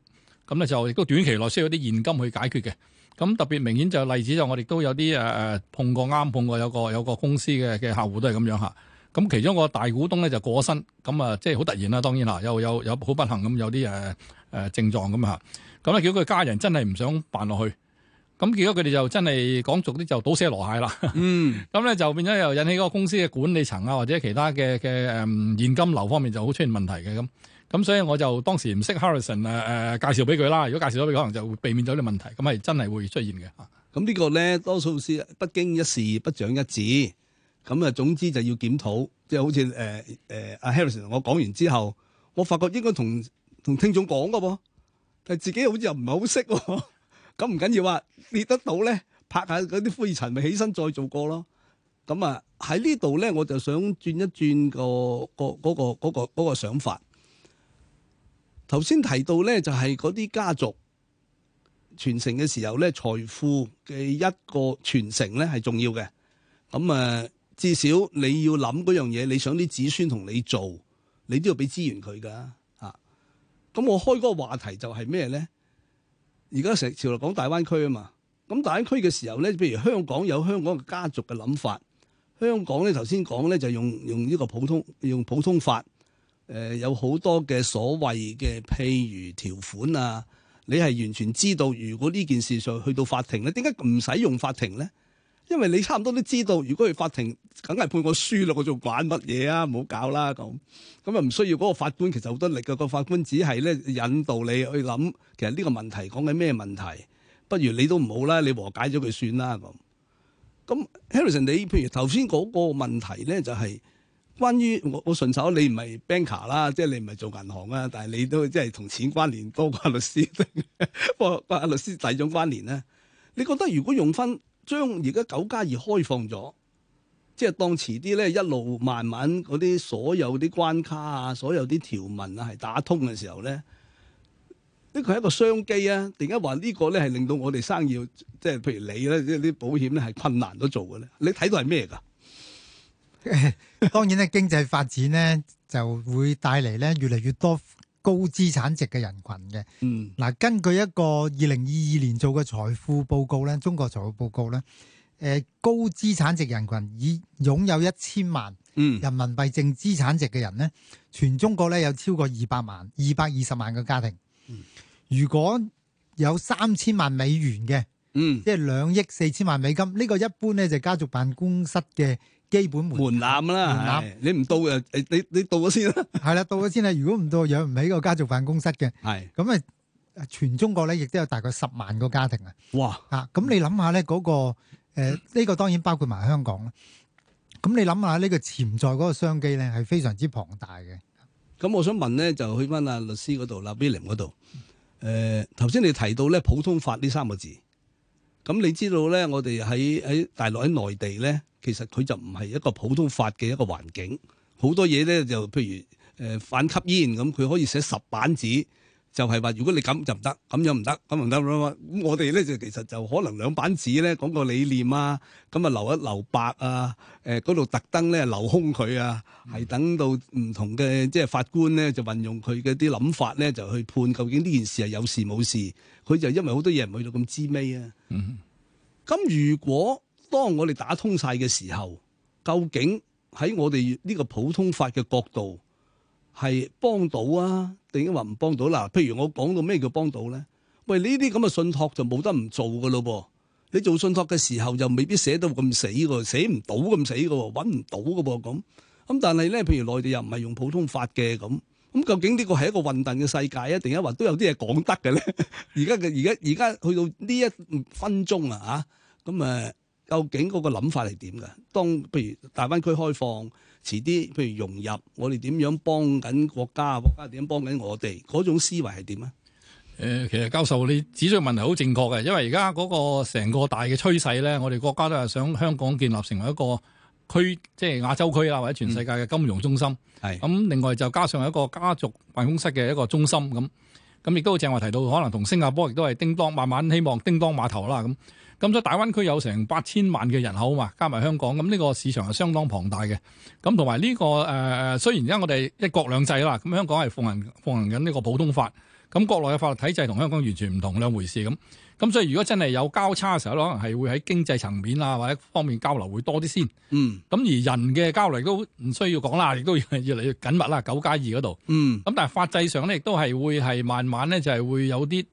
S4: 咁咧，就亦都短期內需要啲現金去解決嘅。咁特別明顯就例子就我哋都有啲誒碰過啱碰過有個有個公司嘅嘅客戶都係咁樣，咁其中個個大股東咧就過身，咁啊即係好突然啦，當然啦又有有好不幸咁有啲誒、呃、症狀咁嚇，咁咧叫佢家人真係唔想辦落去，咁結果佢哋就真係講俗啲就倒瀉籮蟹啦，嗯，咁咧 就變咗又引起個公司嘅管理層啊或者其他嘅嘅誒現金流方面就好出現問題嘅咁。咁所以我就當時唔識 Harrison r、呃、誒誒介紹俾佢啦。如果介紹咗俾佢，可能就
S2: 會避免咗啲問題。咁係真係會出現嘅。咁呢個咧，多數係不經一事不長一智。咁啊，總之就要檢討，即、就、係、是、好似誒誒、呃、阿、呃、Harrison，r 我講完之後，我發覺應該同同聽眾講嘅喎，但係自己好似又唔係好識喎。咁 唔緊要啊，跌得到咧，拍下嗰啲灰塵，咪起身再做過咯。咁啊，喺呢度咧，我就想轉一轉個、嗰個嗰、嗰個嗰、嗰個嗰、嗰個想法。頭先提到咧，就係嗰啲家族傳承嘅時候咧，財富嘅一個傳承咧係重要嘅。咁啊，至少你要諗嗰樣嘢，你想啲子孫同你做，你都要俾資源佢噶啊。咁我開嗰個話題就係咩咧？而家成日潮流講大灣區啊嘛。咁大灣區嘅時候咧，譬如香港有香港嘅家族嘅諗法，香港咧頭先講咧就用用呢個普通用普通法。誒、呃、有好多嘅所謂嘅譬如條款啊，你係完全知道，如果呢件事上去到法庭咧，點解唔使用法庭咧？因為你差唔多都知道，如果去法庭，梗係判我輸啦，我做鬼乜嘢啊？唔好搞啦咁，咁又唔需要嗰個法官，其實好多力嘅、個法官只係咧引導你去諗，其實呢個問題講緊咩問題？不如你都唔好啦，你和解咗佢算啦咁。咁 Harrison，你譬如頭先嗰個問題咧，就係、係。關於我，我順手你唔係 banker 啦，即係你唔係做銀行啊，但係你都即係同錢關聯多過律師。不過 律師遞咗關聯咧，你覺得如果用翻將而家九加二開放咗，即係當遲啲咧一路慢慢嗰啲所有啲關卡啊，所有啲條文啊係打通嘅時候咧，呢、呢個係一個商機啊？點解話呢個咧係令到我哋生意即係譬如你咧啲保險咧係困難都做嘅咧？你睇到係咩㗎？
S3: 當然咧，經濟發展咧就會帶嚟咧越嚟越多高資產值嘅人群。嘅。嗯，嗱，根據一個二零二二年做嘅財富報告咧，中國財富報告咧，誒高資產值人群，以擁有一千萬人民幣淨資產值嘅人咧，全中國咧有超過二百萬、二百二十萬嘅家庭。嗯，如果有三千萬美元嘅，嗯，即係兩億四千萬美金，呢個一般咧就家族辦公室嘅。基本門檻啦，門檻，
S2: 你唔到就你你到咗先啦。
S3: 係啦，到咗先啦。如果唔到，養唔起個家族辦公室嘅。係咁啊，全中國咧，亦都有大概十萬個家庭哇啊。哇！啊、那個，咁你諗下咧，嗰個誒呢個當然包括埋香港啦。咁你諗下呢個潛在嗰個商機咧，係非常之
S2: 龐大嘅。咁我想問咧，就去翻阿律師嗰度 William 嗰度。誒，頭、呃、先你提到咧普通法呢三個字，咁你知道咧，我哋喺喺大陸喺內地咧。其實佢就唔係一個普通法嘅一個環境，好多嘢咧就譬如誒、呃、反吸煙咁，佢可以寫十板紙，就係、是、話如果你咁就唔得，咁樣唔得，咁唔得。咁我哋咧就其實就可能兩板紙咧講個理念啊，咁啊留一留白啊，誒嗰度特登咧留空佢啊，係、嗯、等到唔同嘅即係法官咧就運用佢嘅啲諗法咧就去判究竟呢件事係有事冇事。佢就因為好多嘢唔去到咁滋味啊。嗯，咁如果。當我哋打通晒嘅時候，究竟喺我哋呢個普通法嘅角度係幫到啊，定抑或唔幫到？嗱，譬如我講到咩叫幫到咧？喂，呢啲咁嘅信託就冇得唔做噶咯噃！你做信託嘅時候就未必寫到咁死喎，寫唔到咁死嘅喎，揾唔到嘅噃咁。咁但係咧，譬如內地又唔係用普通法嘅咁，咁究竟呢個係一個混濁嘅世界啊？定抑或都有啲嘢講得嘅咧？而家嘅而家而家去到呢一分鐘啊，嚇咁誒。究竟嗰個諗法係點㗎？當譬如大灣區開放，遲啲譬如融入我哋點樣幫緊國家，國家點樣幫緊我哋？嗰種思維係點啊？誒，其
S4: 實教授你指出嘅問題好正確嘅，因為而家嗰個成個大嘅趨勢咧，我哋國家都係想香港建立成為一個區，即係亞洲區啦，或者全世界嘅金融中心。咁是，另外就加上一個家族辦公室嘅一個中心咁。咁亦都正如我提到，可能同新加坡亦都係叮當，慢慢希望叮當碼頭啦咁。咁所以大灣區有成八千萬嘅人口啊嘛，加埋香港，咁呢個市場係相當龐大嘅。咁同埋呢個誒誒、呃，雖然而家我哋一國兩制啦，咁香港係奉行奉行緊呢個普通法，咁國內嘅法律體制同香港完全唔同兩回事咁。咁所以如果真係有交叉嘅時候，可能係會喺經濟層面啊或者方面交流會多啲先。嗯。咁而人嘅交流都唔需要講啦，亦都越嚟越緊密啦，九加二嗰度。嗯。咁但係法制上咧，亦都係會係慢慢咧就係、係、會有啲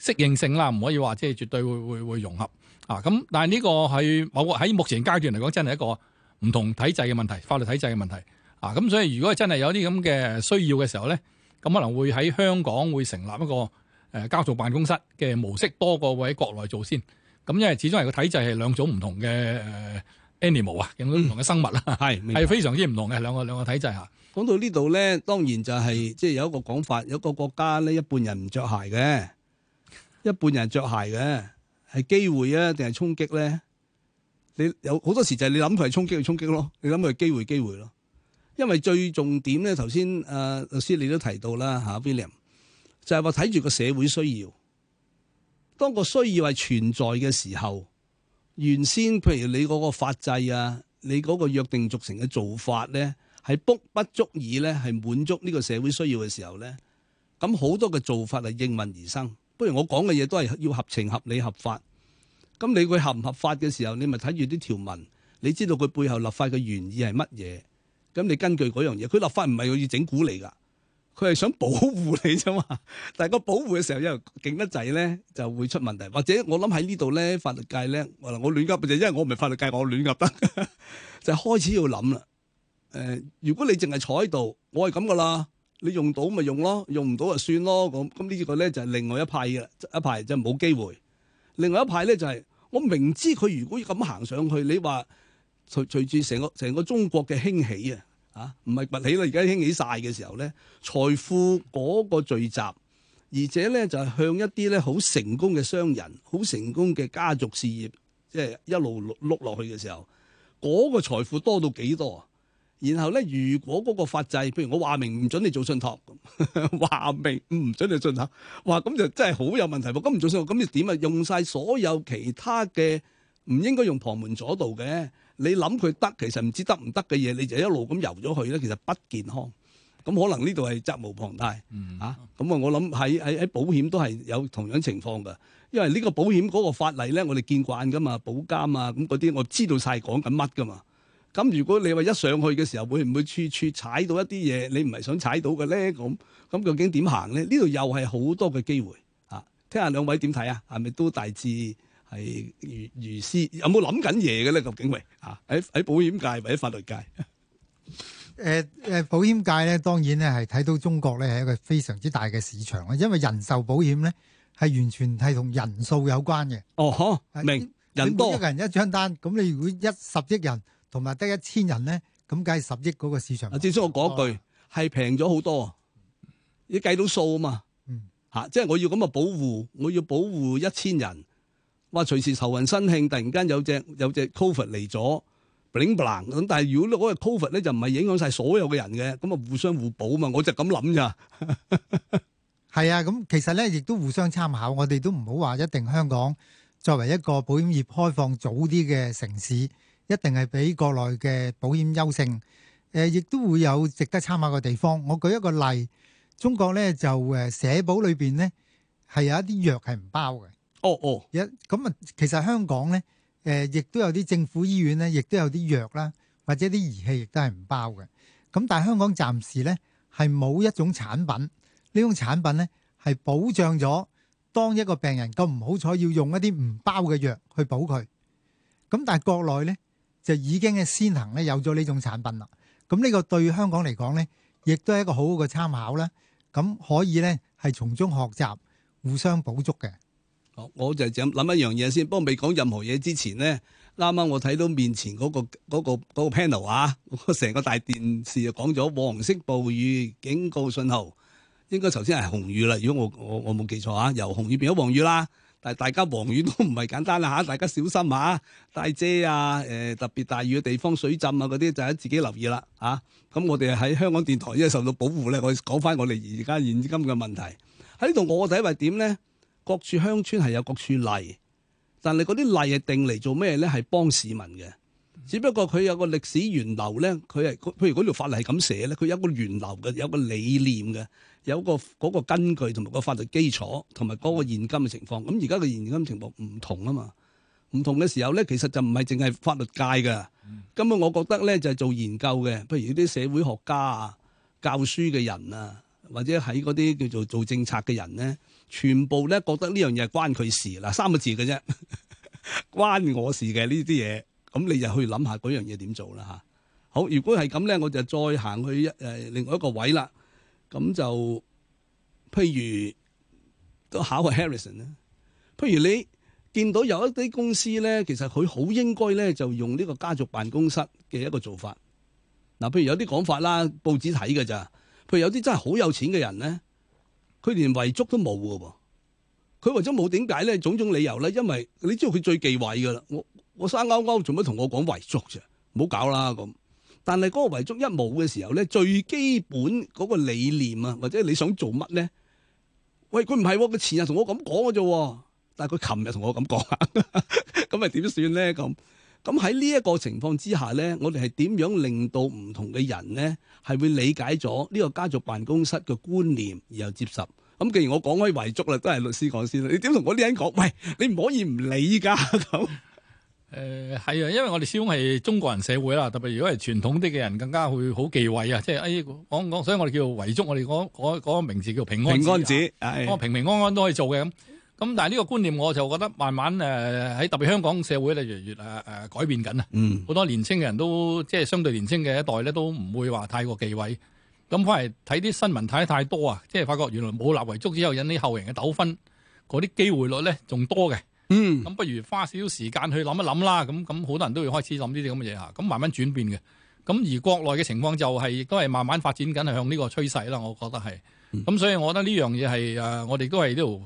S4: 適應性啦，唔可以話即係絕對會會會融合。啊，咁但係呢個係某喺目前階段嚟講，真係一個唔同體制嘅問題，法律體制嘅問題。啊，咁所以如果真係有啲咁嘅需要嘅時候咧，咁可能會喺香港會成立一個誒家族辦公室嘅模式，多過會喺國內做先。咁因為始終係個體制係兩種唔同嘅 animal 啊，有、呃、唔、嗯、同嘅生物啦，係係是非常之唔同嘅白兩個兩個體制嚇。
S2: 講到呢度咧，當然就係即係有一個講法，有一個國家呢，一半人唔着鞋嘅，一半人着鞋嘅。係機會啊，定係衝擊咧？你有好多時就係你諗佢係衝擊，就衝擊咯；你諗佢係機會，機會咯。因為最重點咧，頭先誒律師你都提到啦，吓、啊、William 就係話睇住個社會需要。當個需要係存在嘅時候，原先譬如你嗰個法制啊，你嗰個約定俗成嘅做法咧，係不不足以咧係滿足呢個社會需要嘅時候咧，咁好多嘅做法係應運而生。不如我講嘅嘢都係要合情、合理、合法。咁你佢合唔合法嘅時候，你咪睇住啲條文，你知道佢背後立法嘅原意係乜嘢？咁你根據嗰樣嘢，佢立法唔係要整蠱你噶，佢係想保護你啫嘛。但係個保護嘅時候因為勁得滯咧，就會出問題。或者我諗喺呢度咧，法律界咧，我我亂入，就因為我唔係法律界，我亂噏得，就開始要諗啦、呃。如果你淨係坐喺度，我係咁噶啦，你用到咪用咯，用唔到就算咯。咁咁呢個咧就係、是、另外一派嘅一派，就冇機會。另外一派咧就係我明知佢如果要咁行上去，你話隨隨住成個成個中國嘅興起啊，啊唔係崛起啦，而家興起晒嘅時候咧，財富嗰個聚集，而且咧就係向一啲咧好成功嘅商人、好成功嘅家族事業，即係一路碌碌落去嘅時候，嗰個財富多到幾多啊？然後咧，如果嗰個法制，譬如我話明唔准你做信託，話 明唔准你信託，哇咁就真係好有問題。咁唔做信託，咁你點啊？用晒所有其他嘅唔應該用旁門左道嘅，你諗佢得，其實唔知得唔得嘅嘢，你就一路咁遊咗去咧。其實不健康。咁可能呢度係責無旁貸。嗯、啊，咁啊，我諗喺喺喺保險都係有同樣情況㗎，因為呢個保險嗰個法例咧，我哋見慣噶嘛，保監啊，咁嗰啲我知道晒講緊乜噶嘛。咁如果你話一上去嘅時候，會唔會處處踩到一啲嘢？你唔係想踩到嘅咧？咁咁究竟點行咧？呢度又係好多嘅機會啊！聽下兩位點睇啊？係咪都大致係如如斯？有冇諗緊嘢嘅咧？林靖寰啊，喺喺保險界或者法律界？
S3: 誒誒，保險界咧，當然咧係睇到中國咧係一個非常之大嘅市場啦。因為人壽保險咧係完全係同人數有關嘅。哦，哈，明人多一個人一張單，咁你如果一十億人。同埋得一千人咧，咁梗係十億嗰個市場。至正所我講一句
S2: 係平咗好多，嗯、啊！你計到數啊嘛，即係我要咁啊保護，我要保護一千人。哇！隨時頭暈身興，突然間有隻有隻 COVID 嚟咗 bling bling 咁。但係如果嗰個 COVID 咧就唔係影響晒所有嘅人嘅，咁啊互相互保嘛。我就咁諗咋
S3: 係啊。咁、嗯、其實咧亦都互相參考，我哋都唔好話一定香港作為一個保險業開放早啲嘅城市。一定係比國內嘅保險優勝，誒，亦都會有值得參考嘅地方。我舉一個例，中國咧就誒社保裏邊咧係有一啲藥係唔包嘅。哦哦，一咁啊，其實香港咧誒亦都有啲政府醫院咧，亦都有啲藥啦，或者啲儀器亦都係唔包嘅。咁但係香港暫時咧係冇一種產品，呢種產品咧係保障咗當一個病人夠唔好彩要用一啲唔包嘅藥去補佢。咁但係國內咧。就已經嘅先行咧，有咗呢種產品啦。咁呢個對香港嚟講咧，亦都係一個好好嘅參考啦。咁可以咧，係從中學習，互相補足嘅。
S2: 好，我我就諗一樣嘢先。不過未講任何嘢之前咧，啱啱我睇到面前嗰個嗰個嗰個 panel 啊，成個大電視就講咗黃色暴雨警告信號，應該頭先係紅雨啦。如果我我我冇記錯啊，由紅雨變咗黃雨啦。但係大家黃雨都唔係簡單啦嚇，大家小心嚇，帶遮啊！誒特別大雨嘅地方水浸啊，嗰啲就係自己留意啦嚇。咁、啊、我哋喺香港電台，因為受到保護咧，我哋講翻我哋而家現今嘅問題喺呢度。我嘅睇法點咧？各處鄉村係有各處例，但係嗰啲例係定嚟做咩咧？係幫市民嘅，只不過佢有個歷史源流咧。佢係譬如嗰條法例係咁寫咧，佢有一個源流嘅，有一個理念嘅。有個嗰個根據同埋個法律基礎，同埋嗰個現金嘅情況。咁而家嘅現金情況唔同啊嘛，唔同嘅時候咧，其實就唔係淨係法律界嘅。咁啊，我覺得咧就係、是、做研究嘅，譬如啲社會學家啊、教書嘅人啊，或者喺嗰啲叫做做政策嘅人咧，全部咧覺得呢樣嘢關佢事啦。三個字嘅啫， 關我事嘅呢啲嘢。咁你就去諗下嗰樣嘢點做啦嚇。好，如果係咁咧，我就再行去誒、呃、另外一個位啦。咁就譬如都考下 Harrison 啦，譬如, ison, 譬如你見到有一啲公司咧，其實佢好應該咧就用呢個家族辦公室嘅一個做法。嗱，譬如有啲講法啦，報紙睇㗎咋。譬如有啲真係好有錢嘅人咧，佢連遺囑都冇嘅喎。佢為咗冇點解咧，種種理由咧，因為你知道佢最忌諱㗎啦。我我生勾勾做乜同我講遺囑啫，唔好搞啦咁。但係嗰個遺囑一冇嘅時候咧，最基本嗰個理念啊，或者你想做乜咧？喂，佢唔係喎，佢前日同我咁講嘅啫，但係佢琴日同我咁講，咁咪點算咧？咁咁喺呢一個情況之下咧，我哋係點樣令到唔同嘅人咧，係會理解咗呢個家族辦公室嘅觀念，然後接受？咁既然我講開遺囑啦，都係律師講先啦，你點同嗰啲人講？喂，你唔可以唔理㗎咁。
S4: 誒係啊，因為我哋始終係中國人社會啦，特別如果係傳統啲嘅人，更加會好忌諱啊！即係誒講講，所以我哋叫遺囑，我哋講、嗰個嗰個名字叫平安子，我平、哎、平平安安都可以做嘅咁。咁但係呢個觀念，我就覺得慢慢誒喺、呃、特別香港社會，越嚟越誒誒改變緊啊！嗯，好多年青嘅人都即係相對年青嘅一代咧，都唔會話太過忌諱。咁返嚟睇啲新聞睇得太多啊，即係發覺原來冇立遺囑之後，引起後人嘅糾紛，嗰啲機會率咧仲多嘅。嗯，咁不如花少少時間去諗一諗啦，咁咁好多人都會開始諗呢啲咁嘅嘢嚇，咁慢慢轉變嘅。咁而國內嘅情況就係、是、亦都係慢慢發展緊，係向呢個趨勢啦。我覺得係，咁所以我覺得呢樣嘢係我哋都係呢度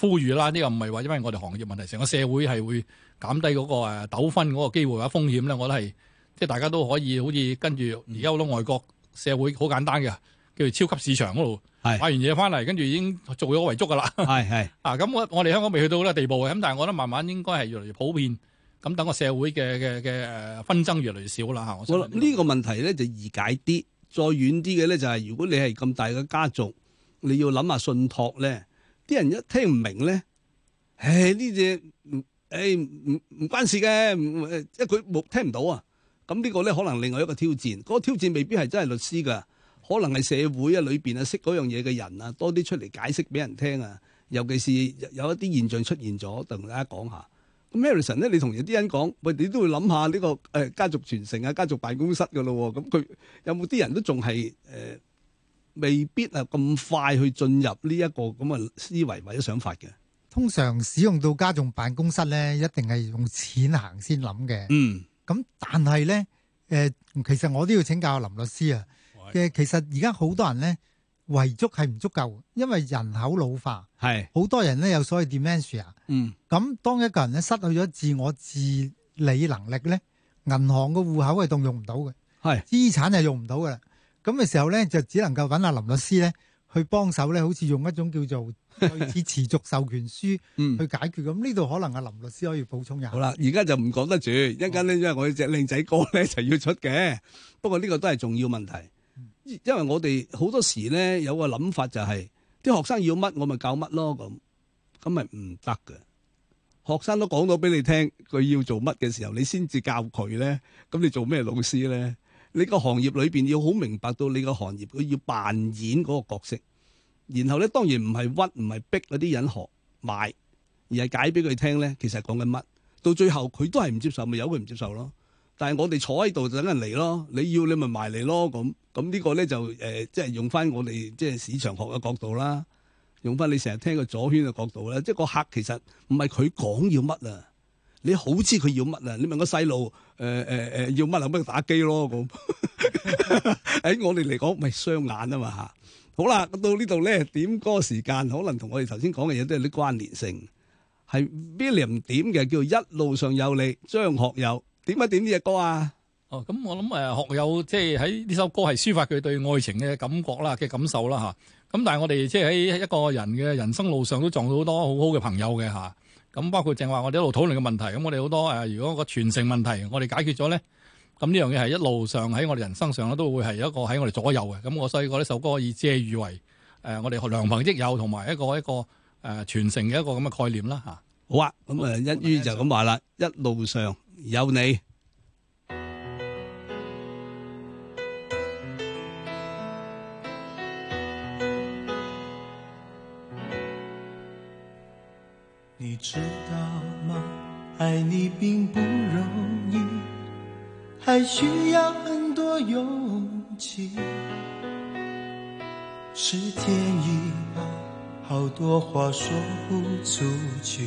S4: 呼籲啦。呢、這個唔係話因為我哋行業問題，成個社會係會減低嗰、那個誒、啊、糾紛嗰個機會或者風險啦。我覺得係即係大家都可以好似跟住而家好多外國社會好簡單嘅。去超級市場嗰度買完嘢翻嚟，跟住是已經做咗遺囑噶啦。係係 啊，咁我我哋香港未去到呢個地步嘅，咁但係我覺得慢慢應該係越嚟越普遍。咁等個社會嘅嘅嘅
S2: 誒紛爭越嚟越少啦吓。我諗呢個問題咧就易解啲，再遠啲嘅咧就係、是、如果你係咁大嘅家族，你要諗下信託咧，啲人一聽唔明咧，誒呢嘢唔誒唔唔關事嘅，即係佢冇聽唔到啊。咁呢個咧可能另外一個挑戰，嗰、那個挑戰未必係真係律師噶。可能係社會啊，裏邊啊，識嗰樣嘢嘅人啊，多啲出嚟解釋俾人聽啊。尤其是有一啲現象出現咗，同大家講下。咁，Morrison 咧，你同有啲人講，喂，你都會諗下呢個誒、呃、家族傳承啊，家族辦公室嘅咯。咁佢有冇啲人都仲係誒未必啊咁快去進入呢一個咁嘅思維或者想法嘅？
S3: 通常使用到家族辦公室咧，一定係用錢行先諗嘅。嗯，咁但係咧誒，其實我都要請教林律師啊。嘅其實而家好多人咧，遺囑係唔足夠，因為人口老化，好是多人咧有所謂 dementia，嗯，咁當一個人咧失去咗自我自理能力咧，銀行個戶口係動用唔到嘅，係是資產又用唔到啦，咁嘅時候咧就只能夠揾阿林律師咧去幫手咧，好似用一種叫做類似持續授權書去解決咁，呢度、 嗯、可能阿林律師可以補充一下。好啦，
S2: 而家就唔講得住，一陣間咧因為我隻靚仔哥咧就要出嘅，不過呢個都係重要問題。因為我哋好多時咧有個諗法就係、是、啲學生要乜我咪教乜咯咁，咁咪唔得㗎。學生都講到俾你聽佢要做乜嘅時候，你先至教佢咧。咁你做咩老師咧？你個行業裏面要好明白到你個行業佢要扮演嗰個角色。然後咧當然唔係屈唔係逼嗰啲人學買，而係解俾佢聽咧其實講緊乜。到最後佢都係唔接受咪由佢唔接受咯。但係我哋坐喺度就等人嚟咯。你要你咪埋嚟咯。咁咁呢個咧就、呃、即係用翻我哋即係市場學嘅角度啦。用翻你成日聽個左圈嘅角度啦。即係個客其實唔係佢講要乜啊，你好知佢要乜啊。你問個細路、呃呃、要乜啊？咪打機咯。咁喺我哋嚟講，咪、哎、雙眼啊嘛吓，好啦，到呢度咧點歌時間，可能同我哋頭先講嘅嘢都有啲關聯性，係 William 點嘅，叫做一路上有你張學友。點乜點呢隻歌啊？哦，咁我諗誒，學友即係喺呢首歌係抒發佢對愛情嘅感
S4: 覺啦，嘅感受啦吓。咁但係我哋即係喺一個人嘅人生路上都撞到好多好好嘅朋友嘅吓。咁包括正話我哋一路討論嘅問題，咁我哋好多誒，如果個傳承問題我哋解決咗咧，咁呢樣嘢係一路上喺我哋人生上咧都會係一個喺我哋左右嘅。咁我所以呢首歌以借喻為誒，我哋良朋益友同埋一個一個誒傳承嘅一個咁
S2: 嘅概念啦吓。好啊，咁誒一於就咁話啦，一路上。有你，
S9: 你知道嗎？愛你並不容易，還需要很多勇氣。時間已到，好多話說不出去。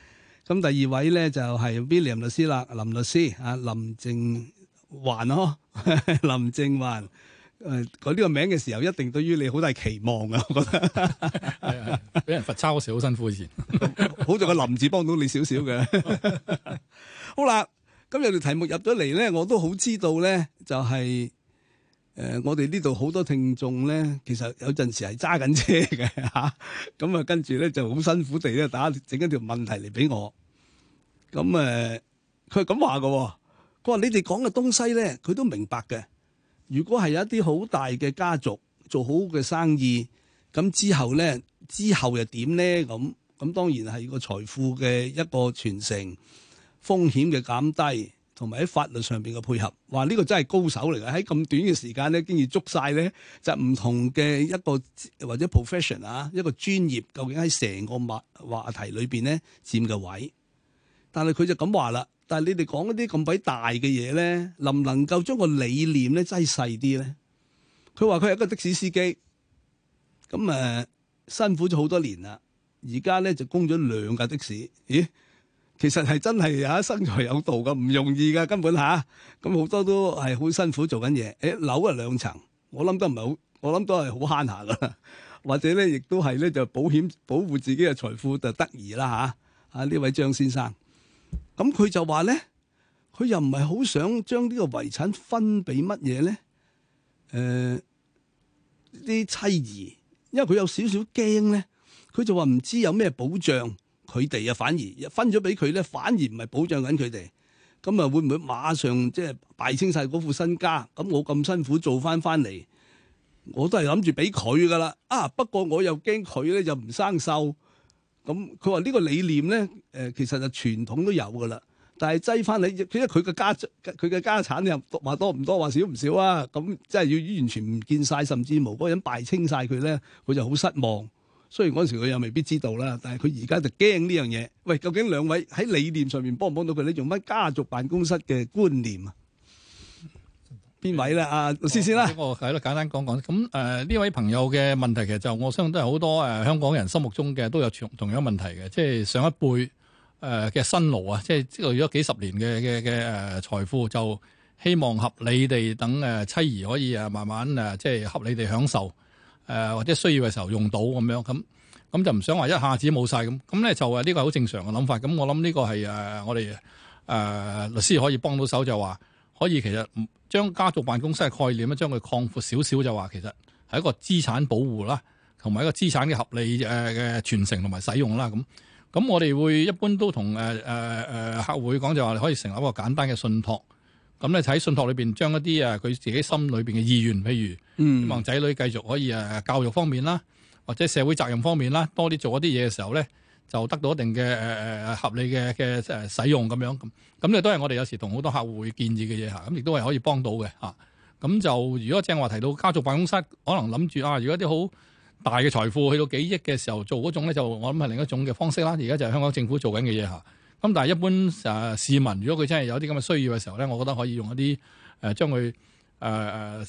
S2: 咁第二位咧就係、是、William 律師啦，林律師啊，林靖寰嗬，林靖寰，誒、呃，佢、這、呢個名嘅時候，一定對於你好大期望噶，我覺得係俾 人罰抄嗰時好辛苦，以前， 好在個林字幫到你少少嘅。 好啦，咁有條題目入咗嚟咧，我都好知道咧，就係、是、誒、呃，我哋呢度好多聽眾咧，其實有陣時係揸緊車嘅吓，咁啊，就跟住咧就好辛苦地咧打整一條問題嚟俾我。咁誒，佢係咁話嘅。佢、呃、話、哦、你哋講嘅東西咧，佢都明白嘅。如果係有一啲好大嘅家族做好嘅生意，咁之後咧，之後又點咧？咁咁當然係個財富嘅一個傳承風險嘅減低，同埋喺法律上面嘅配合。話呢、呢個真係高手嚟嘅，喺咁短嘅時間咧，竟然捉晒咧就唔、是、同嘅一個或者 profession 啊，一個專業究竟喺成個物話題裏邊咧佔嘅位。但係佢就咁話啦。但係你哋講嗰啲咁鬼大嘅嘢咧，能唔能夠將個理念咧擠細啲咧？佢話佢係一個的士司機，咁誒、呃、辛苦咗好多年啦。而家咧就供咗兩架的士，咦？其實係真係啊，生財有道噶，唔容易噶根本吓，咁好多都係好辛苦做緊嘢。誒樓啊兩層，我諗都唔係好，我諗都係好慳下啦。或者咧，亦都係咧就保險保護自己嘅財富就得宜啦嚇。啊呢位張先生。咁佢就話咧，佢又唔係好想將呢個遺產分俾乜嘢咧？誒、呃，啲妻兒，因為佢有少少驚咧，佢就話唔知有咩保障佢哋啊，反而分咗俾佢咧，反而唔係保障緊佢哋。咁啊，會唔會馬上即係敗清晒嗰副身家？咁我咁辛苦做翻翻嚟，我都係諗住俾佢噶啦。啊，不過我又驚佢咧就唔生性。咁佢話呢個理念咧，誒其實就傳統都有噶啦，但係擠翻畀，因為佢嘅家佢嘅家產又話多唔多，話少唔少啊，咁即係要完全唔見晒，甚至無嗰個人敗清晒佢咧，佢就好失望。雖然嗰時佢又未必知道啦，但係佢而家就驚呢樣嘢。喂，究竟兩位喺理念上面幫唔幫到佢？你用翻家族辦公室嘅觀念啊！
S4: 邊位啦？阿律師先啦，呢我走個係咯，簡單講講。咁誒，呢、呃、位朋友嘅問題其實就我相信都係好多誒、呃、香港人心目中嘅都有同同樣問題嘅，即係上一輩誒嘅辛勞啊，即係積累咗幾十年嘅嘅嘅誒財富，就希望合理地等誒、呃、妻兒可以誒慢慢誒、呃、即係合理地享受誒、呃、或者需要嘅時候用到咁樣咁，咁就唔想話一下子冇晒咁，咁咧就誒呢、這個係好正常嘅諗法。咁我諗呢個係誒、呃、我哋誒、呃、律師可以幫到手就話。可以其實將家族辦公室嘅概念咧，將佢擴闊少少，就話其實係一個資產保護啦，同埋一個資產嘅合理誒嘅傳承同埋使用啦咁。咁我哋會一般都同誒誒誒客戶講就話，你可以成立一個簡單嘅信託。咁咧喺信託裏邊將一啲啊佢自己心裏邊嘅意願，譬如希望仔女繼續可以誒教育方面啦，或者社會責任方面啦，多啲做一啲嘢嘅時候咧。就得到一定嘅誒誒合理嘅嘅誒使用咁樣，咁咁咧都係我哋有時同好多客戶會建議嘅嘢嚇，咁亦都係可以幫到嘅嚇。咁、啊、就如果正話提到家族辦公室，可能諗住啊，如果啲好大嘅財富去到幾億嘅時候做嗰種咧，就我諗係另一種嘅方式啦。而家就係香港政府做緊嘅嘢嚇。咁、啊、但係一般誒、啊、市民，如果佢真係有啲咁嘅需要嘅時候咧，我覺得可以用一啲誒、呃、將佢誒誒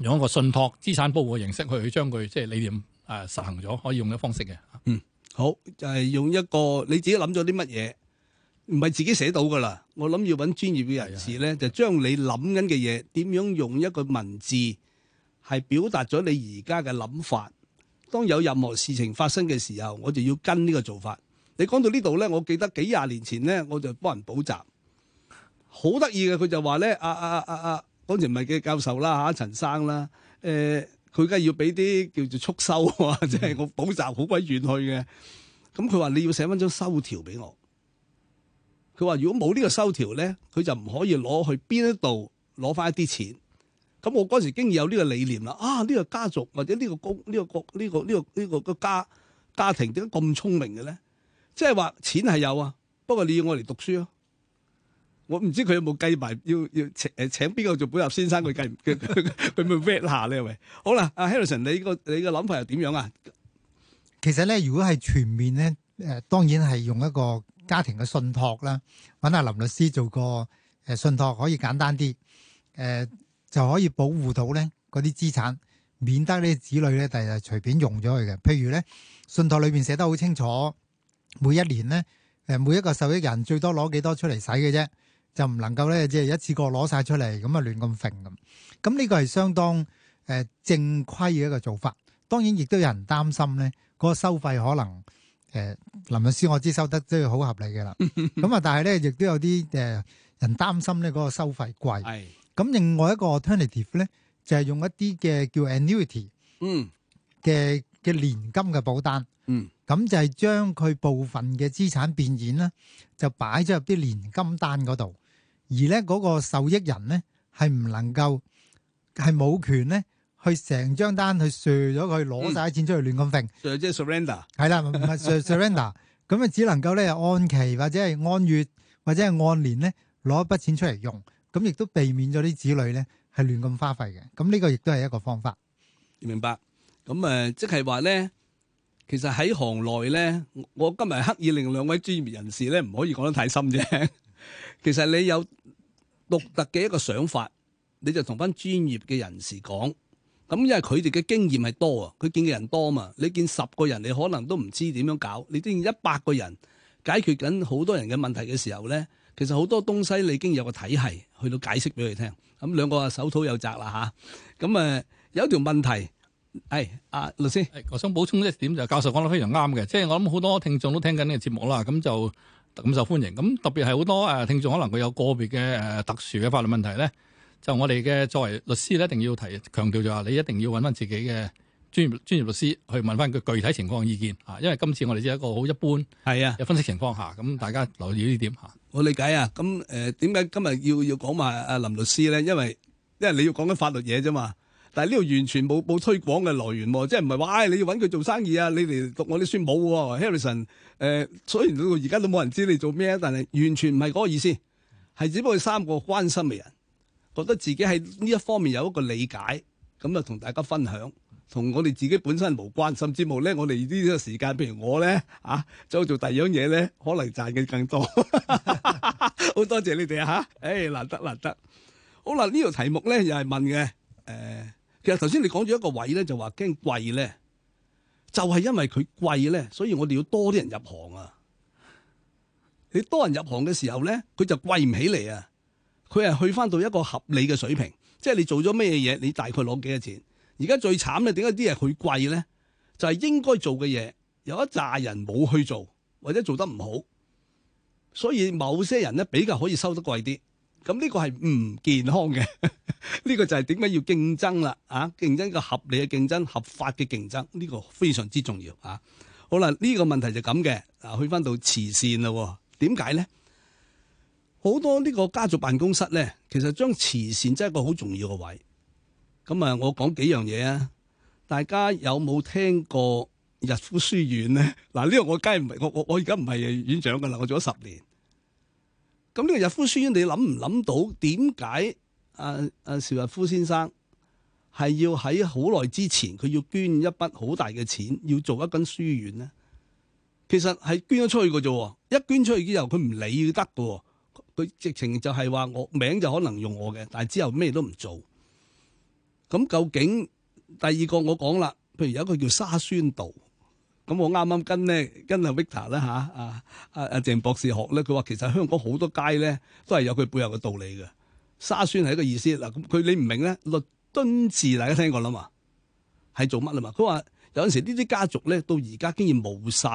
S4: 用一個信託資產保護嘅形式去將佢即係理念
S2: 誒、啊、實行咗，可以用嘅方式嘅。啊、嗯。好，就係、是、用一個你自己諗咗啲乜嘢，唔係自己寫到噶啦。我諗要揾專業嘅人士咧，就將你諗緊嘅嘢，點樣用一個文字係表達咗你而家嘅諗法。當有任何事情發生嘅時候，我就要跟呢個做法。你講到呢度咧，我記得幾廿年前咧，我就幫人補習，好得意嘅。佢就話咧，啊啊啊啊啊，嗰時唔係嘅教授啦吓、啊，陳生啦，誒、啊。佢梗係要俾啲叫做速收啊，即 係我補習好鬼遠去嘅。咁佢話你要寫翻張收條俾我。佢話如果冇呢個收條咧，佢就唔可以攞去邊一度攞翻一啲錢。咁我嗰時經已有呢個理念啦。啊，呢、這個家族或者呢個公呢、這個國呢、這個呢、這個呢、這個家家庭點解咁聰明嘅咧？即係話錢係有啊，不過你要我嚟讀書啊。我唔知佢有冇計埋要要請請邊個做補習先生？佢計佢佢會 read 下呢。喂，好啦，阿 Harrison，你個你個諗法又點樣啊？
S3: 其實咧，如果係全面咧，誒、呃、當然係用一個家庭嘅信託啦。揾下林律師做個信託，可以簡單啲、呃，就可以保護到咧嗰啲資產，免得啲子女咧第日隨便用咗佢嘅。譬如咧，信託裏面寫得好清楚，每一年咧、呃、每一個受益人最多攞幾多出嚟使嘅啫。就唔能夠咧，即係一次過攞晒出嚟，咁啊亂咁揈咁。咁呢個係相當誒正規嘅一個做法。當然亦都有人擔心咧，嗰個收費可能誒 林律師，我知收得都要好合理嘅啦。咁啊， 但係咧亦都有啲誒人擔心咧嗰個收費貴，係咁，另外一個 alternative 咧就係用一啲嘅叫 annuity，嗯嘅嘅年金嘅保單，嗯咁就係將佢部分嘅資產變現啦，就擺咗入啲年金單嗰度。而咧嗰個受益人咧，係唔能夠係冇權咧去成張單去 surrender 咗佢去攞曬啲錢出去亂咁揈，
S2: 就即係 surrender，係啦，唔係 surrender，
S3: 咁啊只能夠咧按期或者係按月或者係按年咧攞一筆錢出嚟用，咁亦都避免咗啲子女咧係亂咁花費嘅。咁呢個亦都係一個方法，
S2: 明白？咁誒，即係話咧，其實喺行內咧，我今日刻意令兩位專業人士咧，唔可以講得太深啫。其實你有。獨特嘅一個想法，你就同返專業嘅人士講，咁因為佢哋嘅經驗係多啊，佢見嘅人多嘛。你見十個人，你可能都唔知點樣搞。你見一百個人解決緊好多人嘅問題嘅時候咧，其實好多東西你已經有個體系去到解釋俾佢聽。咁兩個啊，手土有責啦吓，咁、啊、誒，有一條問題係阿、啊、律師，
S4: 我想補充一點就是、教授講得非常啱嘅，即、就、係、是、我諗好多聽眾都聽緊呢個節目啦，咁就。咁受歡迎，咁特別係好多誒聽眾可能佢有個別嘅誒特殊嘅法律問題咧，就我哋嘅作為律師咧，一定要提強調咗，話你一定要揾翻自己嘅專業專業律師去問翻佢具體情況嘅意見嚇，因為今次我哋只係一個好一般係啊，有分析情況下，咁、啊、大家
S2: 留意呢點嚇。我理解啊，咁誒點解今日要要講埋阿林律師咧？因為因為你要講緊法律嘢啫嘛。但係呢度完全冇冇推廣嘅來源喎，哦，即係唔係話唉你要揾佢做生意啊，你嚟讀我啲書冇喎，哦，Harrison，誒，呃，雖然到而家都冇人知你做咩，但係完全唔係嗰個意思，係只不過三個關心嘅人，覺得自己喺呢一方面有一個理解，咁啊同大家分享，同我哋自己本身無關，甚至冇咧，我哋呢個時間，譬如我咧啊，再做第二樣嘢咧，可能賺嘅更多，好 多謝你哋啊吓，誒，哎、難得難得，好啦，呢、條題目咧又係問嘅，誒，呃。其實頭先你講咗一個位咧，就話驚貴咧，就係因為佢貴咧，所以我哋要多啲人入行啊。你多人入行嘅時候咧，佢就貴唔起嚟啊。佢係去翻到一個合理嘅水平，即係你做咗咩嘢嘢，你大概攞幾多錢。而家最慘咧，點解啲嘢佢貴咧？就係、是、應該做嘅嘢，有一紮人冇去做，或者做得唔好，所以某些人咧比較可以收得貴啲。咁呢個係唔健康嘅，呢個就係點解要競爭啦？啊，競爭一個合理嘅競爭、合法嘅競爭，呢個非常之重要啊！好啦，呢個問題就咁嘅，去返到慈善咯。點解咧？好多呢個家族辦公室咧，其實將慈善真係一個好重要嘅位。咁啊，我講幾樣嘢啊！大家有冇聽過逸夫書院咧？嗱，呢個我梗係唔係，我我我而家唔係院長噶啦，我做咗十年。咁呢個逸夫書院，你諗唔諗到點解？阿、啊、阿、啊、邵逸夫先生係要喺好耐之前，佢要捐一筆好大嘅錢，要做一間書院咧？其實係捐咗出去㗎啫，一捐出去之後，佢唔理得喎。佢直情就係話我名就可能用我嘅，但係之後咩都唔做。咁究竟第二個我講啦，譬如有一個叫沙宣道。咁我啱啱跟呢，跟阿 Victor 啦嚇，阿阿阿鄭博士學咧，佢話其實香港好多街咧，都係有佢背後嘅道理嘅。沙宣係一個意思嗱，佢你唔明咧，律敦治大家聽過啦嘛，係做乜啦嘛？佢話有陣時呢啲家族咧，到而家竟然冇晒，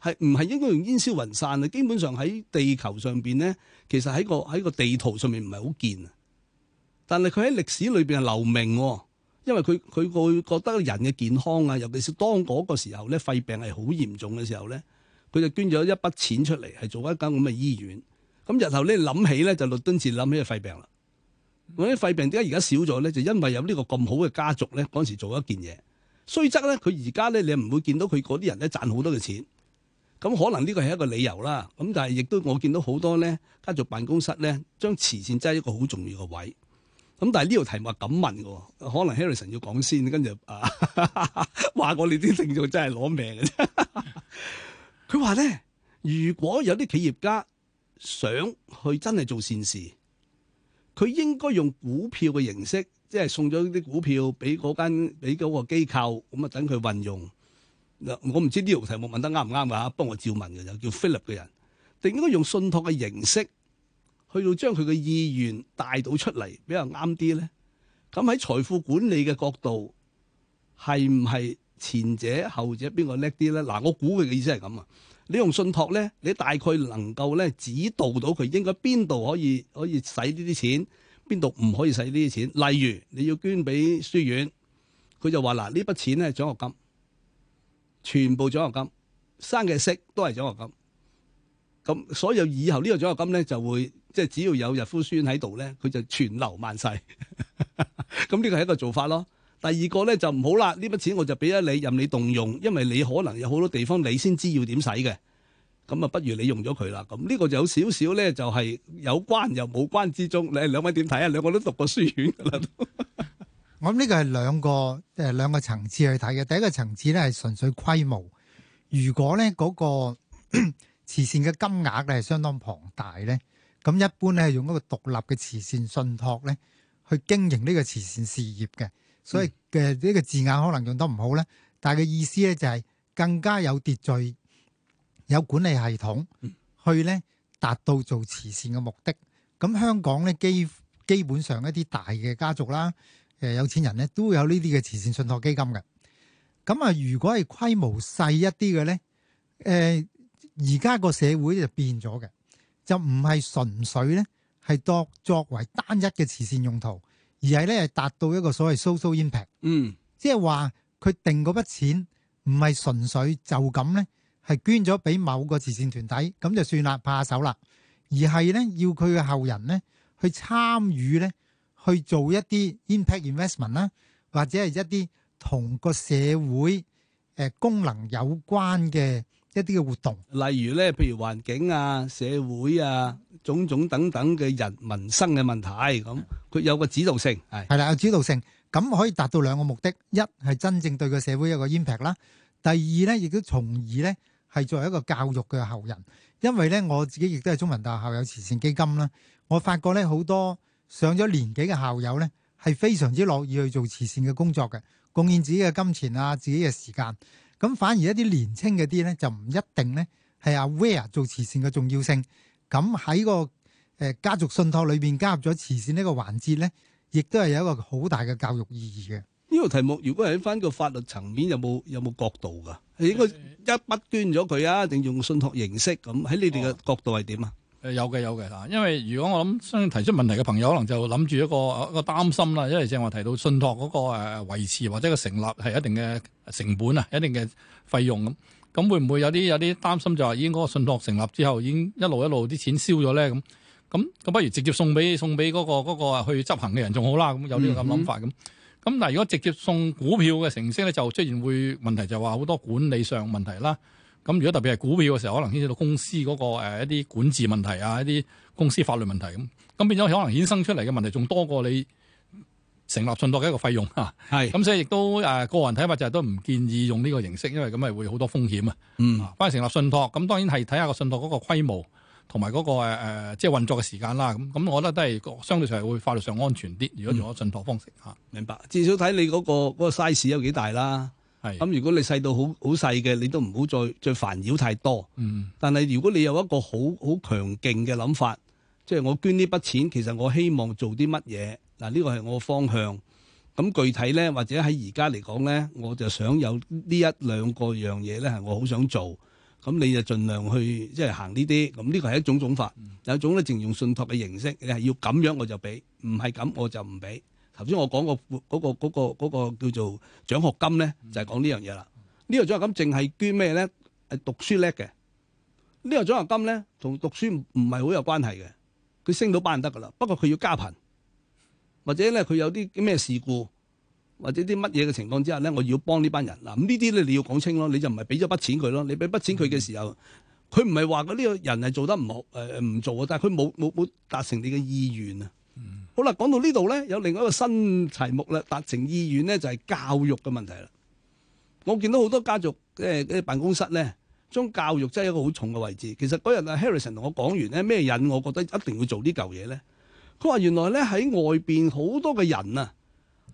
S2: 係唔係應該用煙消雲散啊？基本上喺地球上邊咧，其實喺個喺個地圖上面唔係好見啊，但係佢喺歷史裏邊係留名。因為佢佢會覺得人嘅健康啊，尤其是當嗰個時候咧，肺病係好嚴重嘅時候咧，佢就捐咗一筆錢出嚟，係做一間咁嘅醫院。咁、嗯、日後咧諗起咧，就律敦治諗起肺病啦。嗰、嗯、啲肺病點解而家少咗咧？就因為有呢個咁好嘅家族咧，嗰時做一件嘢。雖則咧，佢而家咧你唔會見到佢嗰啲人咧賺好多嘅錢。咁、嗯、可能呢個係一個理由啦。咁、嗯、但係亦都我見到好多咧家族辦公室咧，將慈善擠喺一個好重要嘅位。咁但係呢條題目咁問嘅，可能 Harrison 要講先，跟住啊話我哋啲聽眾真係攞命嘅。佢話咧，如果有啲企業家想去真係做善事，佢應該用股票嘅形式，即係送咗啲股票俾嗰間，俾嗰個機構，咁啊等佢運用。我唔知呢條題目問得啱唔啱噶幫我照問嘅，就叫 Philip 嘅人，定應該用信託嘅形式。去到將佢嘅意願帶到出嚟比較啱啲咧，咁喺財富管理嘅角度係唔係前者後者，邊個叻啲咧？嗱、啊，我估佢嘅意思係咁啊！你用信託咧，你大概能夠咧指導到佢應該邊度可以可以使呢啲錢，邊度唔可以使呢啲錢。例如你要捐俾書院，佢就話嗱，呢筆錢咧係獎學金，全部獎學金生嘅息都係獎學金。咁所有以後個呢個獎學金咧就會即係只要有日夫書院喺度咧，佢就全流萬世。咁呢個係一個做法咯。第二個咧就唔好啦，呢筆錢我就俾咗你，任你動用，因為你可能有好多地方你先知道要點使嘅。咁啊，不如你用咗佢啦。咁、這、呢個就有少少咧，就係、是、有關又冇關之中。你兩位點睇啊？兩個都讀過書院㗎啦，呵呵
S3: 我諗呢個係兩個誒兩個層次去睇嘅。第一個層次咧係純粹規模，如果咧嗰、那個。慈善嘅金額咧係相當龐大咧，咁一般咧係用一個獨立嘅慈善信託咧去經營呢個慈善事業嘅，所以嘅呢個字眼可能用得唔好咧，但係嘅意思咧就係更加有秩序、有管理系統去咧達到做慈善嘅目的。咁香港咧基基本上一啲大嘅家族啦，誒有錢人咧都有呢啲嘅慈善信託基金嘅。咁啊，如果係規模細一啲嘅咧，誒、呃。而家個社會就變咗嘅，就唔係純粹咧，係作作為單一嘅慈善用途，而係咧係達到一個所謂 social impact，嗯，即係話佢定嗰筆錢唔係純粹就咁咧，係捐咗俾某個慈善團體咁就算啦，拍下手啦，而係咧要佢嘅後人咧去參與咧，去做一啲 impact investment 啦，或者係一啲同個社會誒功能有關嘅。一啲嘅活動，
S2: 例如咧，譬如環境啊、社會啊、種種等等嘅人民生嘅問題咁，佢有個指導性，係
S3: 啦，有指導性，咁可以達到兩個目的，一係真正對個社會有個 impact 啦，第二咧，亦都從而咧係作為一個教育嘅後人，因為咧我自己亦都係中文大學校友慈善基金啦，我發覺咧好多上咗年紀嘅校友咧係非常之樂意去做慈善嘅工作嘅，貢獻自己嘅金錢啊、自己嘅時間。咁反而一啲年青嗰啲咧就唔一定咧，係阿 aware 做慈善嘅重要性，咁喺個家族信託裏面加入咗慈善呢個環節咧，亦都係有一個好大嘅教育意
S2: 義嘅。呢個題目如果喺翻個法律層面有冇有冇角度噶？係應該一筆捐咗佢啊，定用信託形式咁？喺你哋嘅角度係點啊？哦有嘅有嘅嚇，
S4: 因為如果我諗，想提出問題嘅朋友可能就諗住一個一個擔心啦，因為正話提到信託嗰個誒維持或者個成立係一定嘅成本啊，一定嘅費用咁，咁會唔會有啲有啲擔心就話，已經嗰個信託成立之後，已經一路一路啲錢燒咗咧咁，咁咁不如直接送俾送俾嗰、嗰個嗰個去執行嘅人仲好啦，咁有呢個咁諗法咁，咁、嗯、哼但係如果直接送股票嘅形式咧，就出現會問題就話好多管理上問題啦。咁如果特別係股票嘅時候，可能牽涉到公司嗰個一啲管治問題啊，一啲公司法律問題咁，咁變咗可能衍生出嚟嘅問題仲多過你成立信託嘅一個費用吓。係、啊、所以亦都誒個人睇法就係都唔建議用呢個形式，因為咁咪會好多風險、嗯、啊。嗯，反而成立信託，咁當然係睇下個信託嗰個規模同埋嗰個即係、呃呃、運作嘅時間啦。咁咁，我覺得都係相對上係會法律上安全啲，如果用個信託方式、嗯、
S2: 明白，至少睇你嗰個嗰個 size 有幾大啦。咁如果你細到好好細嘅，你都唔好再再煩擾太多。嗯、但係如果你有一個好好強勁嘅諗法，即係我捐呢筆錢，其實我希望做啲乜嘢嗱？呢個係我方向。咁具體咧，或者喺而家嚟講咧，我就想有呢一兩個樣嘢咧係我好想做。咁你就盡量去即係行呢啲。咁呢個係一種種法，有一種咧淨用信託嘅形式，你係要咁樣我就俾，唔係咁我就唔俾。頭先我講過、嗰個、嗰個、嗰個嗰個、叫做獎學金咧，就係、是、講呢樣嘢啦。呢、這個獎學金淨係捐咩咧？誒，讀書叻嘅呢個獎學金咧，同讀書唔係好有關係嘅。佢升到班得噶啦，不過佢要家貧或者咧佢有啲咩事故或者啲乜嘢嘅情況之下咧，我要幫呢班人嗱。呢啲咧你要講清咯，你就唔係俾咗筆錢佢咯。你俾筆錢佢嘅時候，佢唔係話嗰呢個人係做得唔好誒唔做啊，但係佢冇冇冇達成你嘅意願啊。嗯好啦，講到呢度咧，有另外一個新題目啦。達成意願咧，就係、是、教育嘅問題啦。我見到好多家族嘅、呃、辦公室咧，將教育真係一個好重嘅位置。其實嗰日啊，Harrison 同我講完咧，咩人我覺得一定要做呢嚿嘢咧？佢話原來咧喺外邊好多嘅人啊，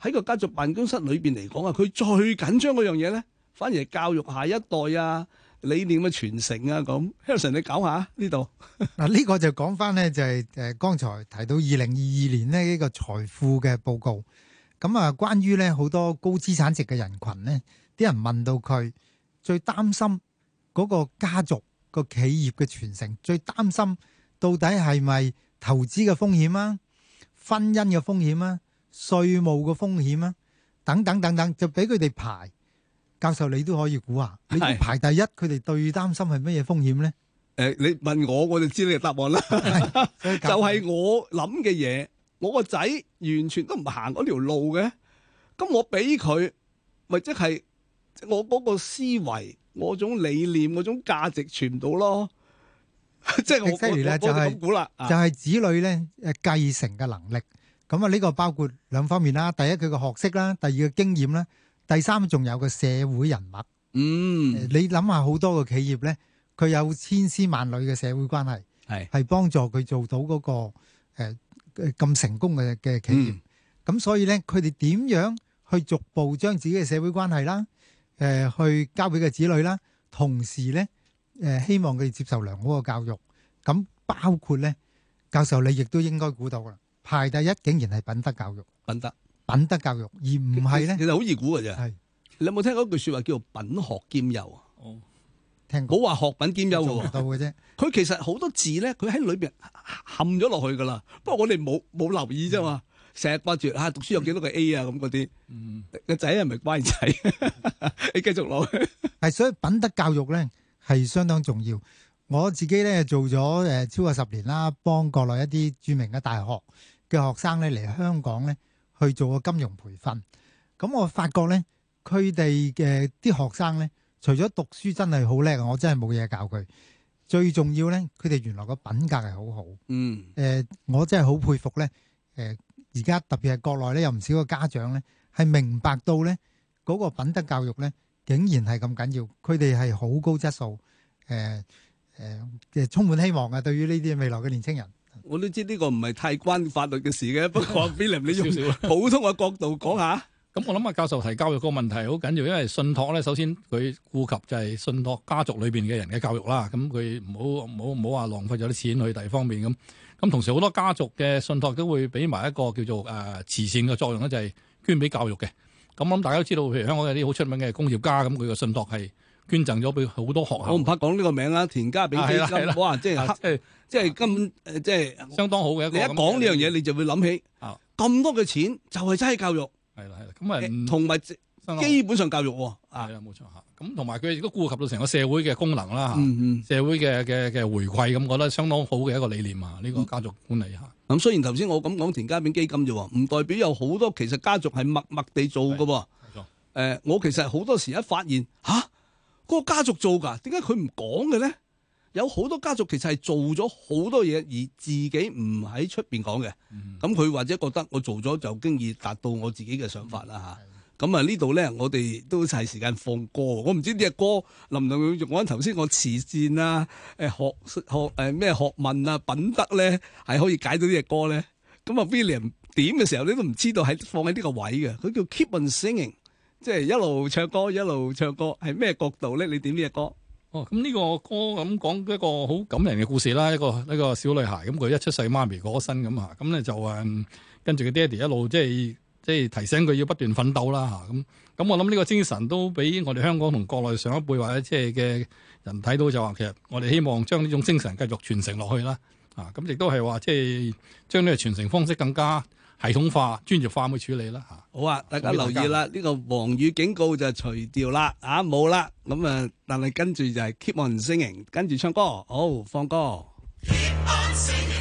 S2: 喺個家族辦公室裏面嚟講啊，佢最緊張嗰樣嘢咧，反而係教育下一代啊。.理念嘅傳承啊，咁 Harrison 你搞下呢度。
S3: 嗱，呢 個就講翻咧，就係誒剛才提到二零二二年呢呢個財富嘅報告。咁啊，關於咧好多高資產值嘅人群咧，啲人問到佢最擔心嗰個家族、個企業嘅傳承，最擔心到底係咪投資嘅風險啊、婚姻嘅風險啊、稅務嘅風險啊，等等等等，就俾佢哋排。教授，你都可以估啊！你排第一，佢哋最擔心係乜嘢風險咧？
S2: 誒，你問我我就知你嘅答案啦。 就係我諗嘅嘢，我個仔完全都唔行嗰條路嘅。咁我俾佢，咪即係我嗰個思維、我種理念、嗰種價值傳到咯。即 係我犀利咧，就係、是、就係
S3: 子女咧誒繼承嘅能力。咁啊，呢個包括兩方面啦。第一，佢嘅學識啦；第二個經驗啦。第三仲有個社會人物，嗯，呃、你諗下好多個企業咧，佢有千絲萬縷嘅社會關係，係係是幫助佢做到嗰、那個誒咁、呃、成功嘅嘅企業。咁、嗯、所以咧，佢哋點樣去逐步將自己嘅社會關係啦、呃，去交俾個子女啦，同時咧、呃、希望佢哋接受良好嘅教育。咁包括咧教授，你亦都應該估到啦，排第一竟然係
S2: 品德教育，品德。品德教育而唔係咧，其實好易估嘅啫。係你有冇聽過一句說話叫做品學兼優啊？哦，聽過。冇話學品兼優喎。做唔到嘅啫。佢其實好多字咧，佢喺裏邊冚咗落去噶啦。不過我哋冇冇留意啫嘛。成日掛住吓讀書有幾多個 A 啊咁嗰啲。嗯。個仔係咪乖仔？
S8: 你繼續落去。
S3: 係，所以品德教育咧係相當重要。我自己咧做咗誒超過十年啦，幫國內一啲著名嘅大學嘅學生咧嚟香港咧，去做個金融培訓，咁我發覺咧，佢哋嘅啲學生咧，除咗讀書真係好叻啊！我真係冇嘢教佢。最重要咧，佢哋原來個品格係好好。嗯。誒，我真係好佩服咧。誒，而家特別係國內咧，有唔少個家長咧，係明白到咧嗰個品德教育咧，竟然係咁緊要。佢哋係好高質素。誒誒，其實充滿希望啊！對於呢啲未來嘅年輕人。
S2: 我都知呢個唔係太關法律嘅事嘅，不過阿 Billy，你用普通嘅角度講下。咁 我諗啊，教授提教育個問題好緊要，因為信
S4: 託咧，首先佢顧及就係信託家族裏邊嘅人嘅教育啦。咁佢唔好唔好唔好話浪費咗啲錢去第二方面咁。咁同時好多家族嘅信託都會俾埋一個叫做誒慈善嘅作用咧，就係、是、捐俾教育嘅。咁我諗大家都知道，譬如香港有啲好出名嘅工業家咁，佢個信託係。捐贈咗俾好多學校，我唔怕講呢個名啊。田家炳基金，哇，即係
S2: 即係根本，即係相當好嘅一個。你一講呢樣嘢，你就會諗起啊，咁多嘅錢就係真係教育。係啦，係啦，咁啊，同埋基本上教育喎。係啊，冇錯嚇。咁同埋佢亦都顧及到
S4: 成個社會嘅功能啦。嗯，社會嘅嘅嘅回饋
S2: 咁，覺得相當好嘅一個理念啊。呢個家族管理嚇。咁雖然頭先我咁講田家炳基金啫喎，唔代表有好多其實家族係默默地做嘅喎。冇錯。誒，我其實好多時一發現嚇。個家族做㗎，點解佢唔講嘅咧？有好多家族其實係做咗好多嘢，而自己唔喺出邊講嘅。咁佢、mm hmm. 或者覺得我做咗就經已達到我自己嘅想法啦嚇。咁、mm hmm. 啊這裡呢度咧，我哋都係時間放歌，我唔知呢隻歌林唔林，我頭先我「慈善」啊，誒學學誒咩學問啊，品德咧係可以解到這歌呢隻歌咧。咁啊 William 點嘅時候你都唔知道係放喺呢個位嘅，佢叫 Keep on Singing。即係一路唱，唱歌，一路唱歌，係咩角度咧？你點呢隻歌？哦，咁呢個歌咁講一個好感人
S4: 嘅故事啦，一個呢個小女孩，咁佢一出世，媽咪過身咁啊，咁咧就誒跟住佢爹哋一路即係即係提醒佢要不斷奮鬥啦嚇咁。咁我諗呢個精神都俾我哋香港同國內上一輩或者即係嘅人睇到，就話其實我哋希望將呢種精神繼續傳承落去啦。啊，咁亦都係話即係將呢個傳承方式更加。系統化、專業化咁嘅處理啦嚇。
S2: 好啊，大家留意啦，呢、嗯、個黃雨警告就除掉啦，嚇冇啦。咁啊，嗯、但係跟住就係 keep on singing，跟住唱歌，好、哦、放歌。
S7: Keep on singing.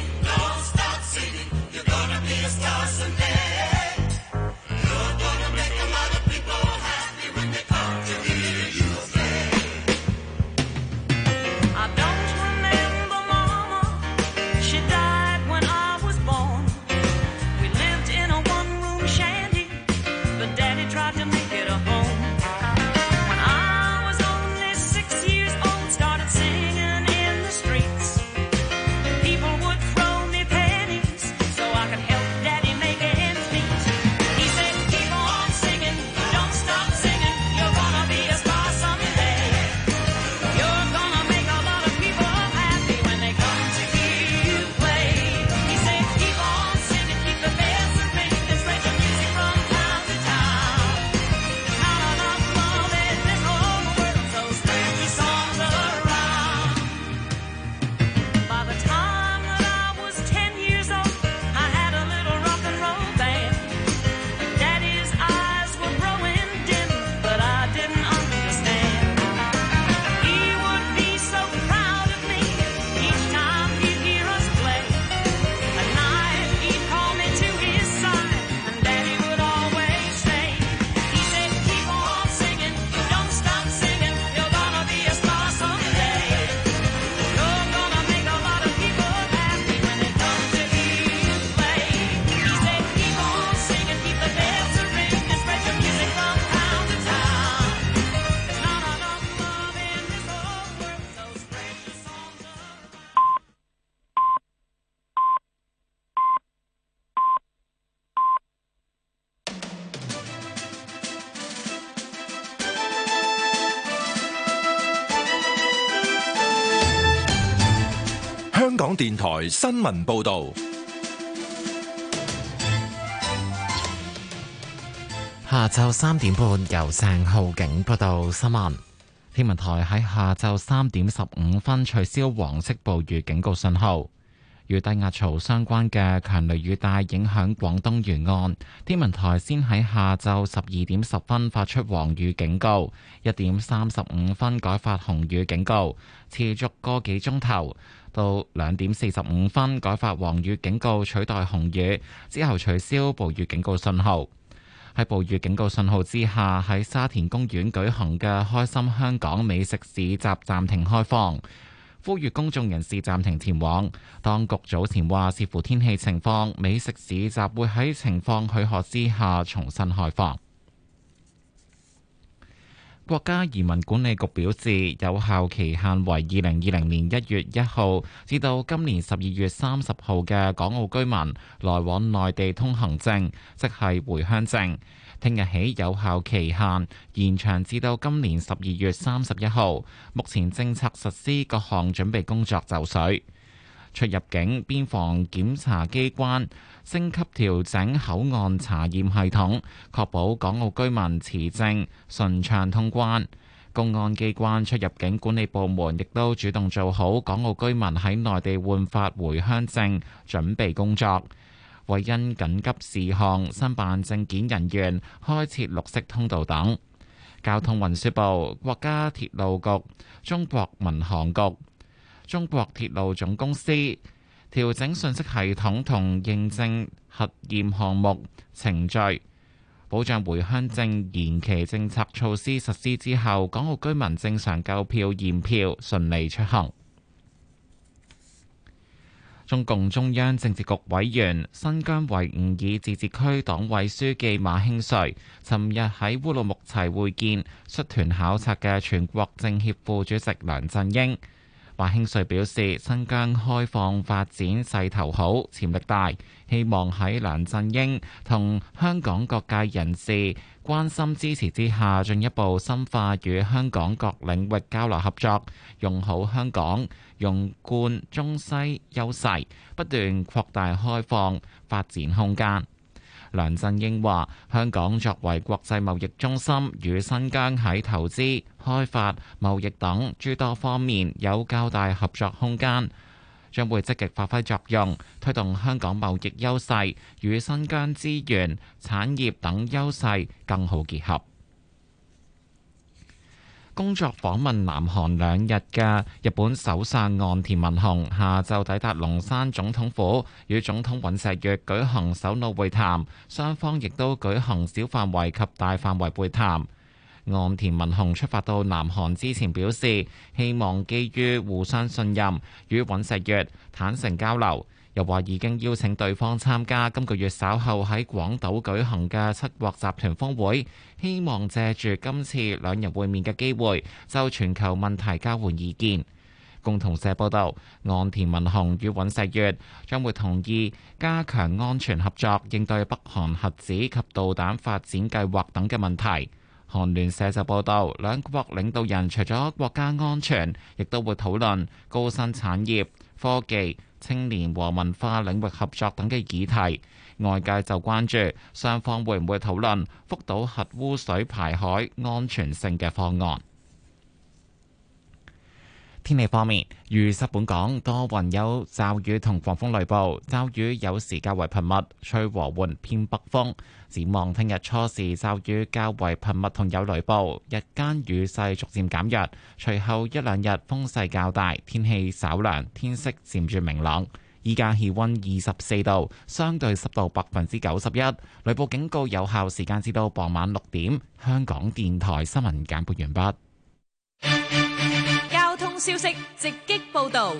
S4: 電台新聞報道，
S6: 下晝三點半由鄭浩景報道新聞。天文台喺下晝三點十五分取消黃色暴雨警告信號，與低壓槽相關嘅強雷雨帶影響廣東沿岸。天文台先喺下晝十二點十分發出黃雨警告，一點三十五分改發紅雨警告，持續個幾鐘頭。到兩點四十五分，改發黃雨警告取代紅雨，之後取消暴雨警告信號。喺暴雨警告信號之下，喺沙田公園舉行嘅開心香港美食市集暫停開放，呼籲公眾人士暫停前往。當局早前話，視乎天氣情況，美食市集會喺情況許可之下重新開放。國家移民管理局表示，有效期限為二零二零年一月一號至到今年十二月三十號嘅港澳居民來往內地通行證，即係回鄉證，聽日起有效期限延長至到今年十二月三十一號。目前政策實施各項準備工作就緒。出入境邊防檢查機關升級調整口岸查驗系統，確保港澳居民持證順暢通關。公安機關出入境管理部門亦都主動做好港澳居民喺內地換發回鄉證準備工作，為因緊急事項申辦證件人員開設綠色通道等。交通運輸部、國家鐵路局、中國民航局。中國鐵路總公司調整信息系統同認證核驗項目程序，保障回鄉證延期政策措施實施之後，港澳居民正常購票、驗票，順利出行。中共中央政治局委員、新疆維吾爾自治區黨委書記馬興瑞，尋日喺烏魯木齊會見率團考察嘅全國政協副主席梁振英。華慶瑞表示，新疆開放發展勢頭好，潛力大，希望喺梁振英同香港各界人士關心支持之下，進一步深化與香港各領域交流合作，用好香港，用貫中西優勢，不斷擴大開放發展空間。梁振英話：香港作為國際貿易中心，與新疆喺投資、開發、貿易等諸多方面有較大合作空間，將會積極發揮作用，推動香港貿易優勢，與新疆資源、產業等優勢更好結合。工作訪問南韓兩日嘅日本首相岸田文雄，下晝抵達龍山總統府，與總統尹錫悅舉行首腦會談，雙方亦都舉行小範圍及大範圍會談。岸田文雄出發到南韓之前表示，希望基於互相信任，與尹錫悅坦誠交流。又話已經邀請對方參加今個月稍後喺廣島舉行嘅七國集團峰會，希望借住今次兩人會面嘅機會，就全球問題交換意見。共同社報道，岸田文雄與尹錫悅將會同意加強安全合作，應對北韓核子及導彈發展計劃等嘅問題。韓聯社就報道，兩國領導人除咗國家安全，亦都會討論高新產業科技。青年和文化領域合作等嘅議題，外界就關注雙方會唔會討論福島核污水排海安全性嘅方案。天氣方面，如失本港多雲有驟雨同狂風雷暴，驟雨有時較為頻密，吹和緩偏北風。展望聽日初時驟雨較為頻密同有雷暴，日間雨勢逐漸減弱，隨後一兩日風勢較大，天氣稍涼，天色漸轉明朗。依家氣温二十四度，相對濕度百分之九十一，雷暴警告有效時間至到傍晚六點。香港電台新聞簡報完畢。
S7: 消息直擊
S8: 報道，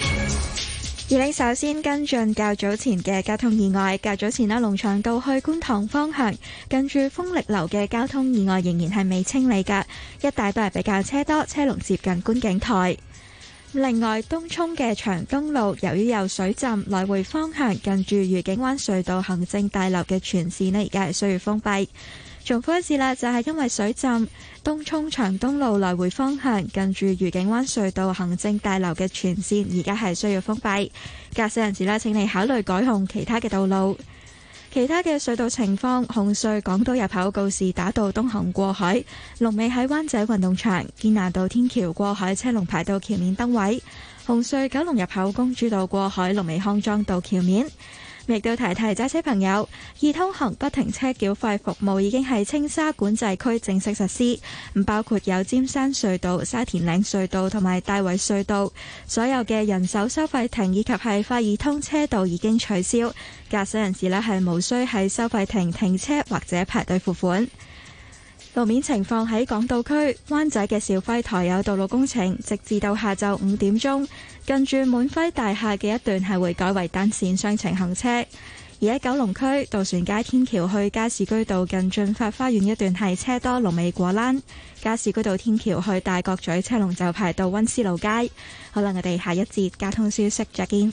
S8: 而你首先跟進較早前嘅交通意外。較早前呢，龍翔道去觀塘方向近住風力樓嘅交通意外仍然係未清理噶，一帶都係比較車多車龍，接近觀景台。另外，東涌嘅長東路由於有水浸，來回方向近住愉景灣隧道行政大樓嘅全線呢，而家係需要封閉。重複一次啦，就係因為水浸，東涌長東路來回方向近住愉景灣隧道行政大樓嘅全線而家係需要封閉。駕駛人士啦，請你考慮改行其他嘅道路。其他嘅隧道情況：紅隧港島入口告示打到東行過海，龍尾喺灣仔運動場；堅拿道天橋過海，車龍排到橋面燈位；紅隧九龍入口公主道過海，龍尾康莊道橋面。亦都提提揸車朋友，易通行不停車繳費服務已經喺青沙管制區正式實施，唔包括有尖山隧道、沙田嶺隧道同埋大圍隧道所有嘅人手收費亭以及係快易通車道已經取消，駕駛人士咧係無需喺收費亭停車或者排隊付款。路面情況喺港島區灣仔嘅肇輝臺有道路工程，直至到下晝五點鐘。近住滿輝大廈嘅一段係會改為單線雙程行車。而喺九龍區，渡船街天橋去加士居道近駿發花園一段係車多龍尾果欄，加士居道天橋去大角咀車龍就排到溫思勞街。好啦，我哋下一節交通消息，再見。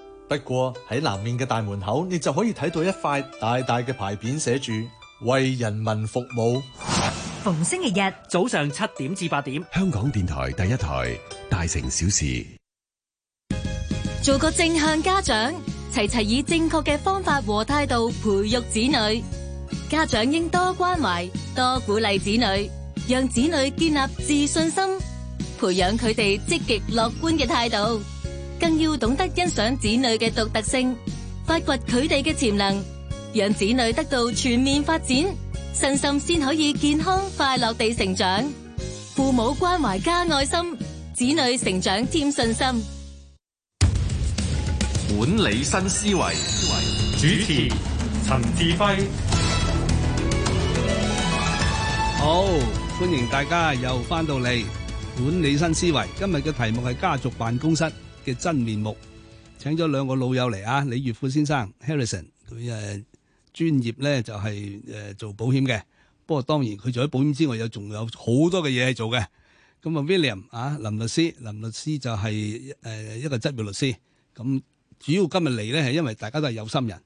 S2: 不過喺南面嘅大門口，你就可以睇到一塊大大
S1: 嘅牌匾，寫住為人民服務。逢星期日早上七點至八點，香港電台第一台《大城小事》，
S5: 做個正向家長，齊齊以正確嘅方法和態度培育子女。家長應多關懷、多鼓勵子女，讓子女建立自信心，培養佢哋積極樂觀嘅態度。更要懂得欣賞子女嘅獨特性，發掘佢哋嘅潛能，讓子女得到全面發展，身心先可以健康快樂地成長。
S3: 父母關懷加愛心，子女成長添信心。
S1: 管理新思維，主持陳志輝。
S2: 好，歡迎大家又翻到嚟管理新思維。今日嘅題目係家族辦公室。嘅真面目，請咗兩個老友嚟啊，李悅富先生 Harrison，佢誒專業咧就係、是、誒做保險嘅，不過當然佢做咗保險之外有，有仲有好多嘅嘢係做嘅。咁啊 William 啊林律師，林律師就係、是、誒、呃、一個執業律師。咁主要今日嚟咧，係因為大家都係有心人。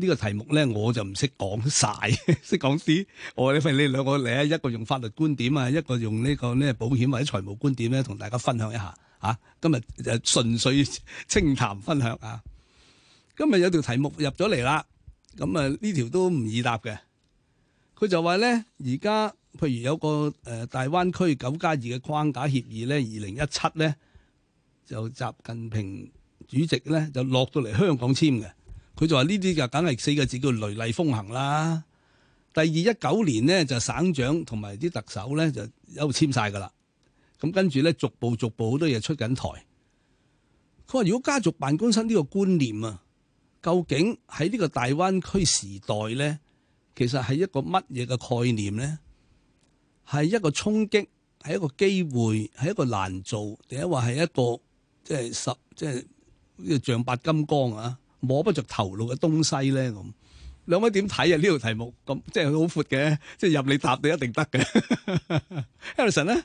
S2: 呢、這個題目咧，我就唔識講晒， 識講啲。我你你兩個嚟啊，一個用法律觀點啊，一個用呢個保險或者財務觀點咧，同大家分享一下。嚇、啊，今日誒純粹清談分享啊！今日有條題目入咗嚟啦，咁啊呢條都唔易答嘅。佢就話咧，而家譬如有個誒大灣區九加二嘅框架協議咧，二零一七咧就習近平主席咧就落到嚟香港簽嘅。佢就話呢啲就梗係四個字叫雷厲風行啦。第二一九年呢，就省長同埋啲特首咧就都簽晒㗎啦。咁跟住咧，逐步逐步好多嘢出緊台。佢話：如果家族辦公室呢個觀念啊，究竟喺呢個大灣區時代咧，其實係一個乜嘢嘅概念咧？係一個衝擊，係一個機會，係一個難做，定係話係一個即係十即係像白金剛啊，摸不着頭腦嘅東西咧咁。兩位點睇啊？呢、條題目咁即係佢好闊嘅，即係入你答你一定得嘅。 Alison 咧？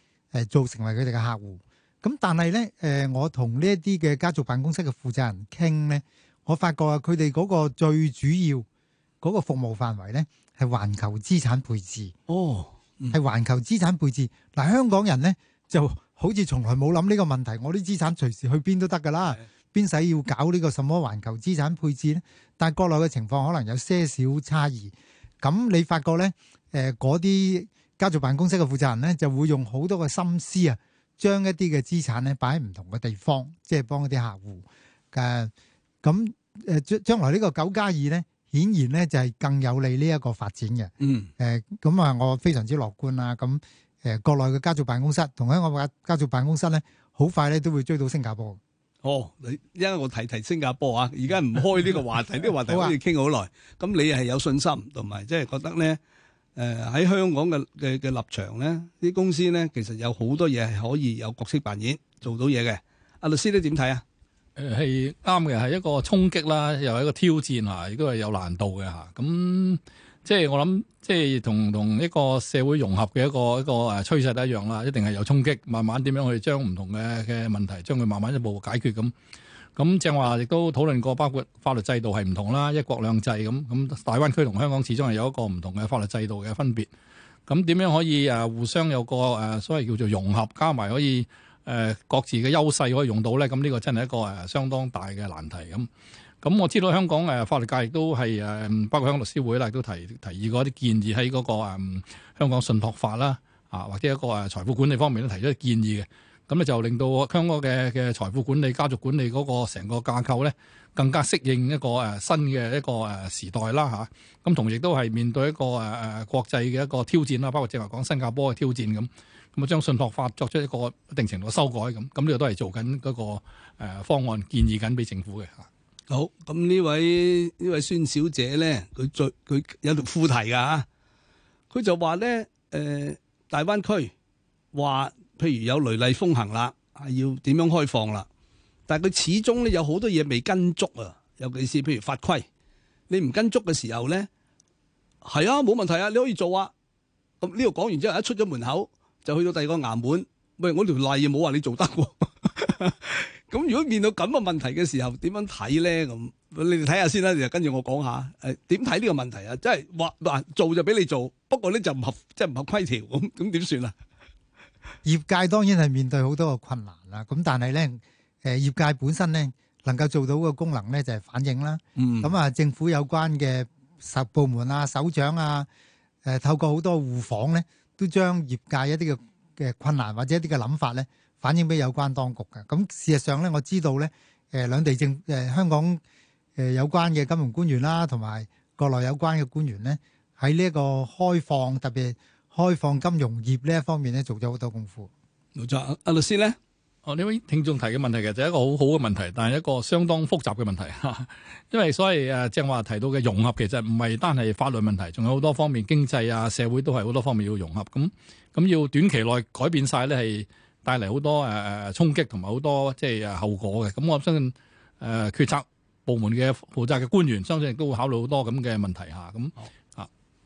S3: 誒做成為佢哋嘅客戶，咁但係咧，誒我同呢一啲嘅家族辦公室嘅負責人傾咧，我發覺啊，佢哋嗰個最主要嗰個服務範圍咧，係環球資產配置。哦，係、嗯、環球資產配置。嗱，香港人咧就好似從來冇諗呢個問題，我啲資產隨時去邊都得㗎啦，邊使要搞呢個什麼環球資產配置咧？但係國內嘅情況可能有些少差異。咁你發覺咧，誒嗰啲。家族辦公室嘅負責人咧，就會用好多嘅心思啊，將一啲嘅資產咧擺喺唔同嘅地方，即係幫一啲客戶。咁誒將將來呢個九加二咧，顯然咧就係更有利呢一個發展嘅。嗯。咁啊，我非常之樂觀啊。咁誒，國內嘅家族辦公室同埋我嘅家族辦公室咧，好快咧都會追到新加坡。哦，
S2: 你，因為我提提新加坡啊，而家唔開呢個話題，呢 個話題可以傾好耐，啊。咁你係有信心同埋即係覺得咧？誒，喺、呃、香港嘅嘅嘅立場咧，啲公司咧，其實有好多嘢係可以有角色扮演做到嘢嘅。阿、啊、律師你點睇啊？誒、呃，係啱嘅，係一
S4: 個衝擊啦，又係一個挑戰啊，亦都係有難度嘅吓。咁即係我諗，即係同同一個社會融合嘅一個一個誒、啊、趨勢一樣啦，一定係有衝擊。慢慢點樣去將唔同嘅嘅問題，將佢慢慢一步解決咁。咁正話亦都討論過，包括法律制度係唔同啦，一國兩制咁咁，大灣區同香港始終係有一個唔同嘅法律制度嘅分別。咁點樣可以互相有個所謂叫做融合，加埋可以誒各自嘅優勢可以用到咧？咁呢個真係一個相當大嘅難題咁。咁我知道香港法律界亦都係誒，包括香港律師會亦都提提議過一啲建議喺嗰個誒香港信託法啦，啊或者一個誒財富管理方面都提出啲建議嘅。咁咪就令到香港嘅嘅財富管理、家族管理嗰個成個架構咧，更加適應一個誒新嘅一個誒時代啦嚇。咁同亦都係面對一個誒誒國際嘅一個挑戰啦，包括正話講新加坡嘅挑戰咁。咁啊將信託法作出一個一定程度嘅修改咁，咁呢個都係做緊嗰個誒方案建議緊俾政府嘅嚇。
S2: 好，咁呢位呢位孫小姐咧，佢最，佢有條副題嘅嚇，佢就話咧誒，大灣區話。譬如有雷厲風行啦，係要點樣開放啦？但係佢始終咧有好多嘢未跟足啊！尤其是，譬如法規，你唔跟足嘅時候咧，係啊冇問題啊，你可以做啊！咁呢度講完之後，一出咗門口就去到第二個衙門，喂，我條例冇話你做得，咁 如果面到咁嘅問題嘅時候，點樣睇咧？咁你哋睇下先啦，你就跟住我講下，誒，點睇呢個問題啊？即係話嗱，做就俾你做，不過咧就唔合，即係唔合規條咁，咁點算啊？業界當然係
S3: 面對好多個困難啦，咁但係咧，誒業界本身咧能夠做到個功能咧就係反映啦。咁啊、嗯嗯，政府有關嘅十部門啊、首長啊，誒透過好多互訪咧，都將業界一啲嘅嘅困難或者一啲嘅諗法咧反映俾有關當局嘅。咁事實上咧，我知道咧，誒兩地政、誒香港誒有關嘅金融官員啦，同埋國內有關嘅官員咧，喺呢一個開放特別，開放金融業呢一方面咧，做咗好多功夫。
S2: 冇錯
S4: 阿律師咧，哦呢位聽眾提嘅問題其實就係一個好好嘅問題，但係一個相當複雜嘅問題。因為所以，誒，正話提到嘅融合，其實唔係單係法律問題，仲有好多方面，經濟啊、社會都係好多方面要融合。咁咁要短期內改變晒咧，係帶嚟好多誒誒、呃、衝擊同埋好多即係後果嘅。咁我相信誒、呃，決策部門嘅負責嘅官
S2: 員，相信亦都會考慮好多咁嘅問題吓。咁。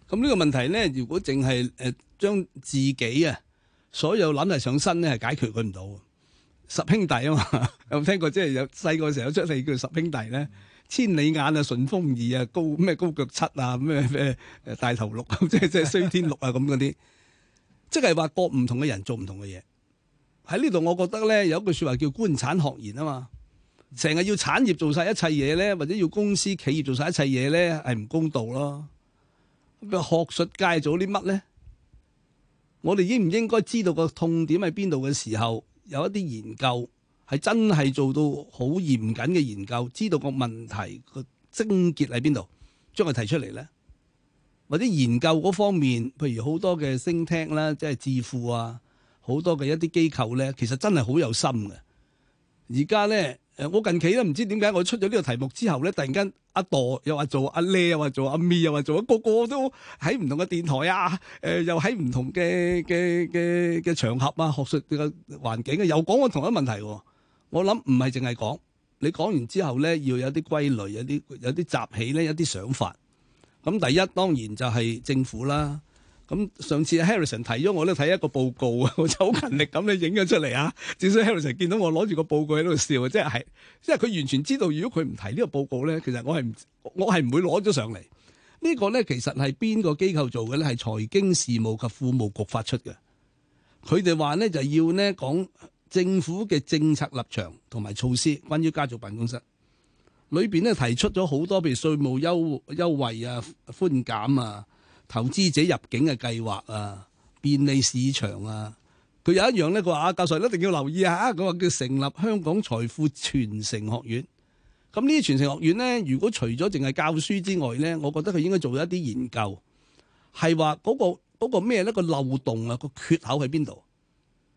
S2: 咁呢個問題咧，如果淨係誒將自己啊所有諗嚟上身咧，係解決佢唔到。十兄弟啊嘛，mm hmm. 有冇聽過即係、就是、有細個時候出世叫十兄弟咧，千里眼啊、順風耳啊、高咩高腳七啊、咩咩大頭六即即係衰天六啊咁嗰啲。即係話各唔同嘅人做唔同嘅嘢。喺呢度我覺得咧有一句説話叫官產學言啊嘛，成日要產業做晒一切嘢咧，或者要公司企業做晒一切嘢咧，係唔公道咯。個學術界做啲乜咧？我哋應唔應該知道個痛點喺邊度嘅時候，有一啲研究係真係做到好嚴謹嘅研究，知道個問題個症結喺邊度，將佢提出嚟咧？或者研究嗰方面，譬如好多嘅聲聽啦，即係智庫啊，好多嘅一啲機構咧，其實真係好有心嘅。而家咧。誒，我近期咧唔知點解，我出咗呢個題目之後咧，突然間阿杜又話做，阿叻又話做，阿咪又話做，一個個都喺唔同嘅電台啊，誒、呃，又喺唔同嘅嘅嘅嘅場合啊，學術嘅環境啊，又講緊同一問題喎、啊。我諗唔係淨係講，你講完之後咧，要有啲歸類，有啲有啲集起咧，有啲想法。咁第一當然就係政府啦。咁上次 Harrison 提咗，我都睇一個報告啊，我就好勤力咁你影咗出嚟啊，至少 Harrison 見到我攞住個報告喺度笑，即係，即係佢完全知道，如果佢唔提呢個報告咧，其實我係唔，我係唔會攞咗上嚟。這個，呢個咧其實係邊個機構做嘅咧？係財經事務及庫務局發出嘅。佢哋話咧就要呢講政府嘅政策立場同埋措施，關於家族辦公室裏邊咧提出咗好多，譬如稅務優優惠啊、寬減啊。投資者入境嘅計劃啊，便利市場啊，佢有一樣咧，佢話啊教授一定要留意下，佢話叫成立香港財富傳承學院。咁呢啲傳承學院咧，如果除咗淨係教書之外咧，我覺得佢應該做一啲研究，係話嗰個咩一、嗰個嗰個漏洞啊，嗰個缺口喺邊度？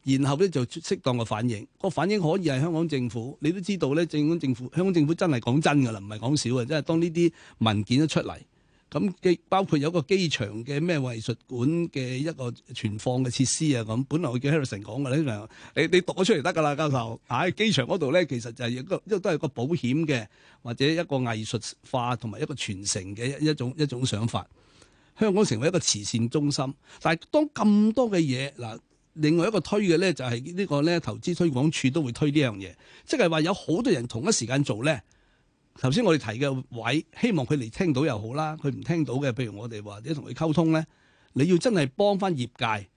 S2: 然後咧就適當嘅反應，嗰個反應可以係香港政府。你都知道咧，香港政府香港政府真係講真㗎啦，唔係講少嘅，即係當呢啲文件一出嚟。咁嘅包括有個機場嘅咩藝術館嘅一個存放嘅設施啊咁，本來我叫 Harrison 講嘅咧，你你度咗出嚟得㗎啦，教授。喺、哎、機場嗰度咧，其實就係一個都係個保險嘅，或者一個藝術化同埋一個傳承嘅一種一種想法。香港成為一個慈善中心，但係當咁多嘅嘢嗱，另外一個推嘅咧就係呢個咧投資推廣署都會推呢樣嘢，即係話有好多人同一時間做咧。頭先我哋提嘅位，希望佢哋聽到又好啦，佢唔聽到嘅，譬如我哋或者同佢溝通咧，你要真係幫翻業界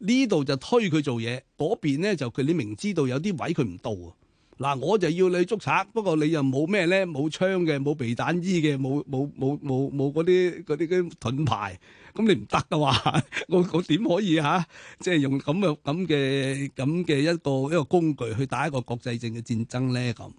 S2: 呢度就推佢做嘢，嗰邊咧就佢你明知道有啲位佢唔到啊。嗱，我就要你捉賊，不過你又冇咩咧，冇槍嘅，冇避彈衣嘅，冇冇冇冇冇嗰啲啲盾牌，咁你唔得嘅話，我我點可以嚇、啊，即係用咁嘅咁嘅咁嘅一個一個工具去打一個國際性嘅戰爭咧咁？咁啊、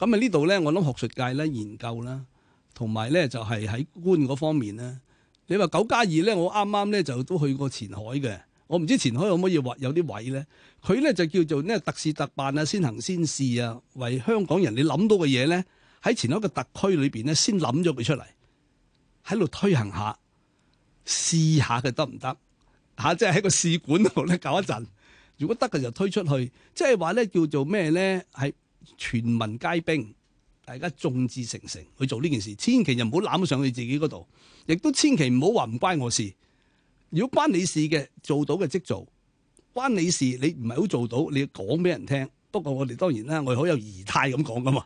S2: 嗯、呢度咧，我諗學術界咧研究啦，同埋咧就係喺官嗰方面咧，你話九加二咧，我啱啱咧就都去過前海嘅。我唔知前海可唔可以話有啲位咧？佢咧就叫做呢特事特辦啊，先行先試啊，為香港人你諗到嘅嘢咧，喺前海個特區裏面咧，先諗咗佢出嚟，喺度推行下，試下佢得唔得？嚇、啊，即係喺個試管度咧搞一陣，如果得嘅就推出去，即係話咧叫做咩咧？係全民皆兵，大家眾志成城去做呢件事，千祈就唔好攬上去自己嗰度，亦都千祈唔好話唔關我事。如果關你事嘅做到嘅職做關你事，你唔係好做到，你要講俾人聽。不過我哋當然啦，我哋好有儀態咁講噶嘛，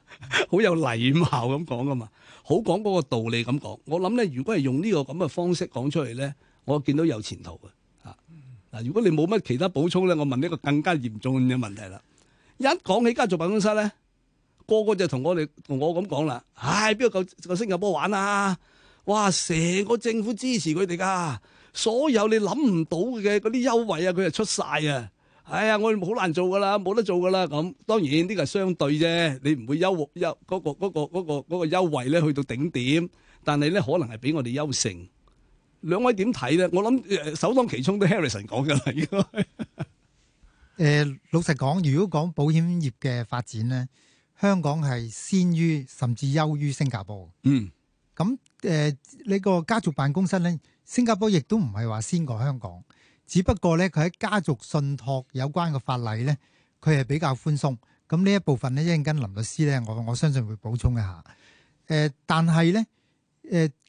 S2: 好有禮貌咁講噶嘛，好講嗰個道理咁講。我諗咧，如果係用呢個咁嘅方式講出嚟咧，我見到有前途嘅啊。嗱、啊，如果你冇乜其他補充咧，我問一個更加嚴重嘅問題啦。一講起家族辦公室咧，個個就同我哋同我咁講啦。唉、哎，邊個夠新加坡玩啊？哇！成個政府支持佢哋噶～所有你諗唔到嘅嗰啲優惠啊，佢就出晒啊！哎呀，我哋好難做噶啦，冇得做噶啦。咁當然呢個係相對啫，你唔會優惠優嗰個嗰個嗰個嗰個優惠咧去到頂點，但係咧可能係比我哋優勝。兩位點睇咧？我諗首當其衝都係 Harrison 講噶啦，應該。
S3: 誒，老實講，如果講保險業嘅發展咧，香港係先於甚至優於新加坡。
S2: 嗯，
S3: 咁誒呢個家族辦公室咧。新加坡亦都唔係話先過香港，只不過咧佢喺家族信托有關嘅法例咧，佢係比較寬鬆。咁呢一部分咧，一陣間林律師咧，我我相信會補充一下。誒、呃，但係咧，誒、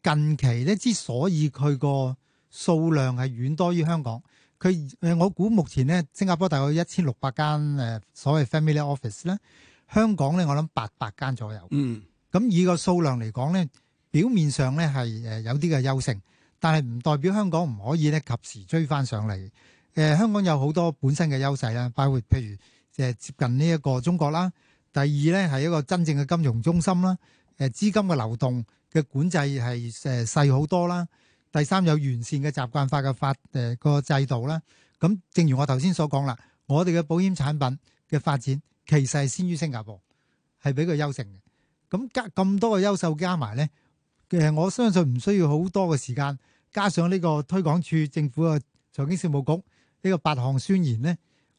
S3: 呃、近期咧之所以佢個數量係遠多於香港，佢誒我估目前咧，新加坡大概一千六百間誒所謂 family office 咧，香港咧我諗八百間左右。嗯。咁以個數量嚟講咧，表面上咧係誒有啲嘅優勝。但係唔代表香港唔可以咧，及時追翻上嚟，呃。香港有好多本身嘅優勢啦，包括譬如、呃、接近呢一個中國啦。第二咧係一個真正嘅金融中心啦。誒、呃，資金嘅流動嘅管制係細好多啦。第三有完善嘅習慣化嘅法誒、呃、制度啦。咁、嗯、正如我頭先所講啦，我哋嘅保險產品嘅發展其實係先於新加坡，係比佢優勝嘅。咁、嗯、加咁多嘅優秀加埋咧、呃，我相信唔需要好多嘅時間。加上呢個推廣署、政府嘅財經事務局呢個八項宣言呢，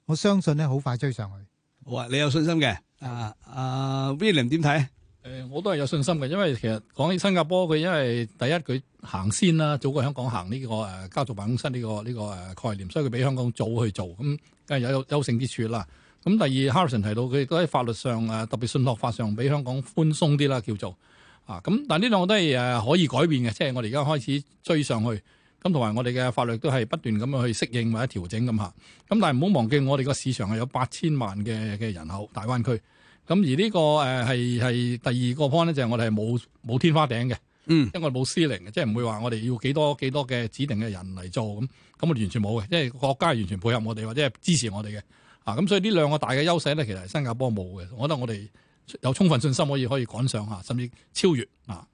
S3: 我相信呢好快追上去。
S2: 好啊，你有信心嘅。啊啊 William 點睇？誒、呃，我都係有信心
S4: 嘅，因為其實講起新加坡佢因為第一佢行先啦，早過在香港行呢個誒家族辦公室呢、這個呢、這個誒、啊、概念，所以佢比香港早去做，咁梗係有有優勝之處啦。咁第二 Harrison 提到佢亦都喺法律上誒，特別信託法上比香港寬鬆啲啦，叫做。啊，咁但係呢兩個都係可以改變嘅，即係我哋而家開始追上去，咁同埋我哋嘅法律都係不斷咁去適應或者調整咁嚇。咁但係唔好忘記我哋個市場係有八千萬嘅嘅人口，大灣區。咁而呢個係第二個 point 咧，就係我哋係冇冇天花頂嘅，嗯，因為冇私令嘅，即係唔會話我哋要幾多幾多嘅指定嘅人嚟做咁，咁我完全冇嘅，即係國家完全配合我哋或者支持我哋嘅。啊，咁所以呢兩個大嘅優勢咧，其實新加坡冇嘅，我覺得我哋。有充分信心可以可以趕上吓，甚至超
S2: 越啊！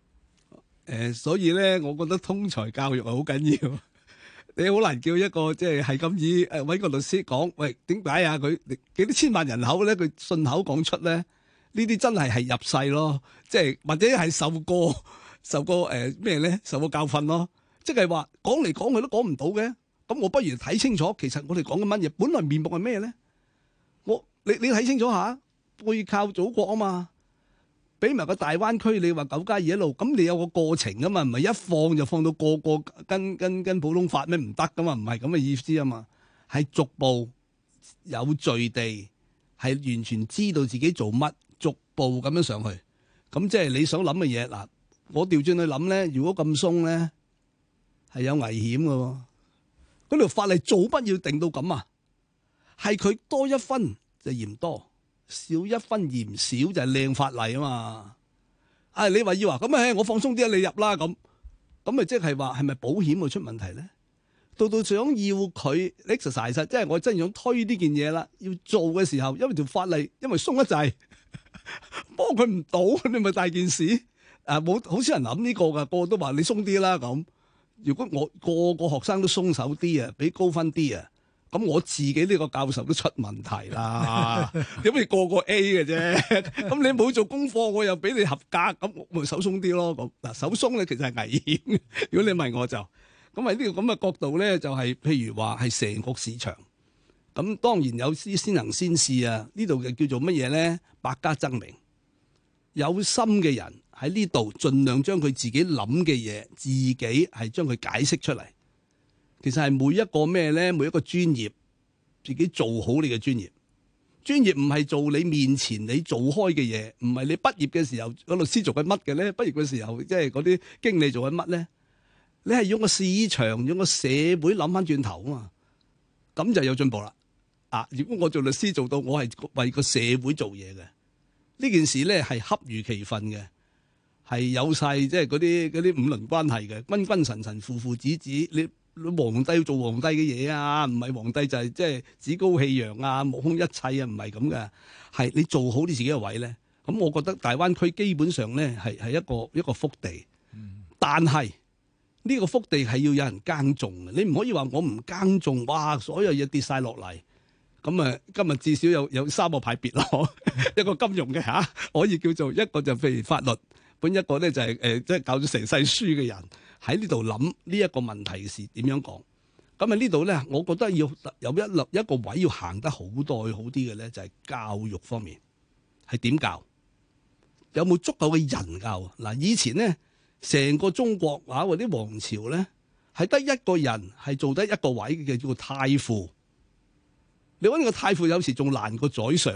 S2: 誒、呃，所以咧，我覺得通才教育係好緊要。 你好難叫一個即係係咁以誒搵個律師講，喂，點解啊？佢幾多千萬人口咧？佢信口講出咧，呢啲真係係入世咯，即係或者係受過受過誒咩咧？受過教訓咯，即係話講嚟講去都講唔到嘅。咁我不如睇清楚，其實我哋講緊乜嘢？本來面目係咩咧？我你你睇清楚一下。背靠祖國啊嘛，俾埋個大灣區，你話九加二一路咁，你有個過程啊嘛，唔係一放就放到個個跟跟跟普通法咩唔得噶嘛，唔係咁嘅意思啊嘛，係逐步有序地，係完全知道自己做乜，逐步咁樣上去咁，即係你想諗嘅嘢嗱，我調轉去諗咧，如果咁鬆咧係有危險噶喎，嗰條法例做乜要定到咁啊？係佢多一分就嫌多。少一分嫌少就係靚法例啊嘛！哎、啊，你話要話咁啊，我放鬆啲你入啦咁，咁啊即係話係咪保險會出問題咧？到到想要佢 exercise 即係我真係想推呢件嘢啦，要做嘅時候，因為條法例因為鬆一滯幫佢唔到，你咪大件事冇好、啊、少人諗呢個噶，個個都話你鬆啲啦咁。如果我個個學生都鬆手啲啊，俾高分啲啊！咁我自己呢個教授都出問題啦，點解你個個 A 嘅啫？咁 你冇做功課，我又俾你合格，咁我咪手鬆啲咯。咁嗱，手鬆咧其實係危險。如果你問我就，咁喺呢個咁嘅角度咧，就係、是、譬如話係成個市場，咁當然有先先行先試啊。呢度就叫做乜嘢咧？百家爭鳴，有心嘅人喺呢度盡量將佢自己諗嘅嘢，自己係將佢解釋出嚟。其實係每一個咩咧？每一個專業，自己做好你嘅專業。專業唔係做你面前你做開嘅嘢，唔係你畢業嘅時候個律師做緊乜嘅咧？畢業嘅時候即係嗰啲經理做緊乜咧？你係用個市場，用個社會諗翻轉頭啊嘛，咁就有進步啦。啊！如果我做律師做到我係為個社會做嘢嘅，呢件事咧係恰如其分嘅，係有晒即係嗰啲嗰啲五倫關係嘅，君君臣臣，父父子子，你。皇帝要做皇帝嘅嘢啊，唔係皇帝就係即係趾高氣揚啊，目空一切啊，唔係咁嘅。係你做好你自己嘅位咧，咁我覺得大灣區基本上咧係係一個一個福地，但係呢、這個福地係要有人耕種嘅，你唔可以話我唔耕種，哇所有嘢跌晒落嚟。咁、嗯、啊，今日至少有有三個派別咯，一個金融嘅嚇，可以叫做一個就譬如法律，本一個咧就係誒即係搞咗成世書嘅人。喺呢度諗呢一個問題是點樣講？咁啊呢度咧，我覺得要有一粒一個位要行得好多好啲嘅咧，就係教育方面係點教？有冇足夠嘅人教，嗱，以前咧成個中國啊或者王朝咧係得一個人係做得一個位嘅，叫太傅。你揾個太傅有時仲難過宰相，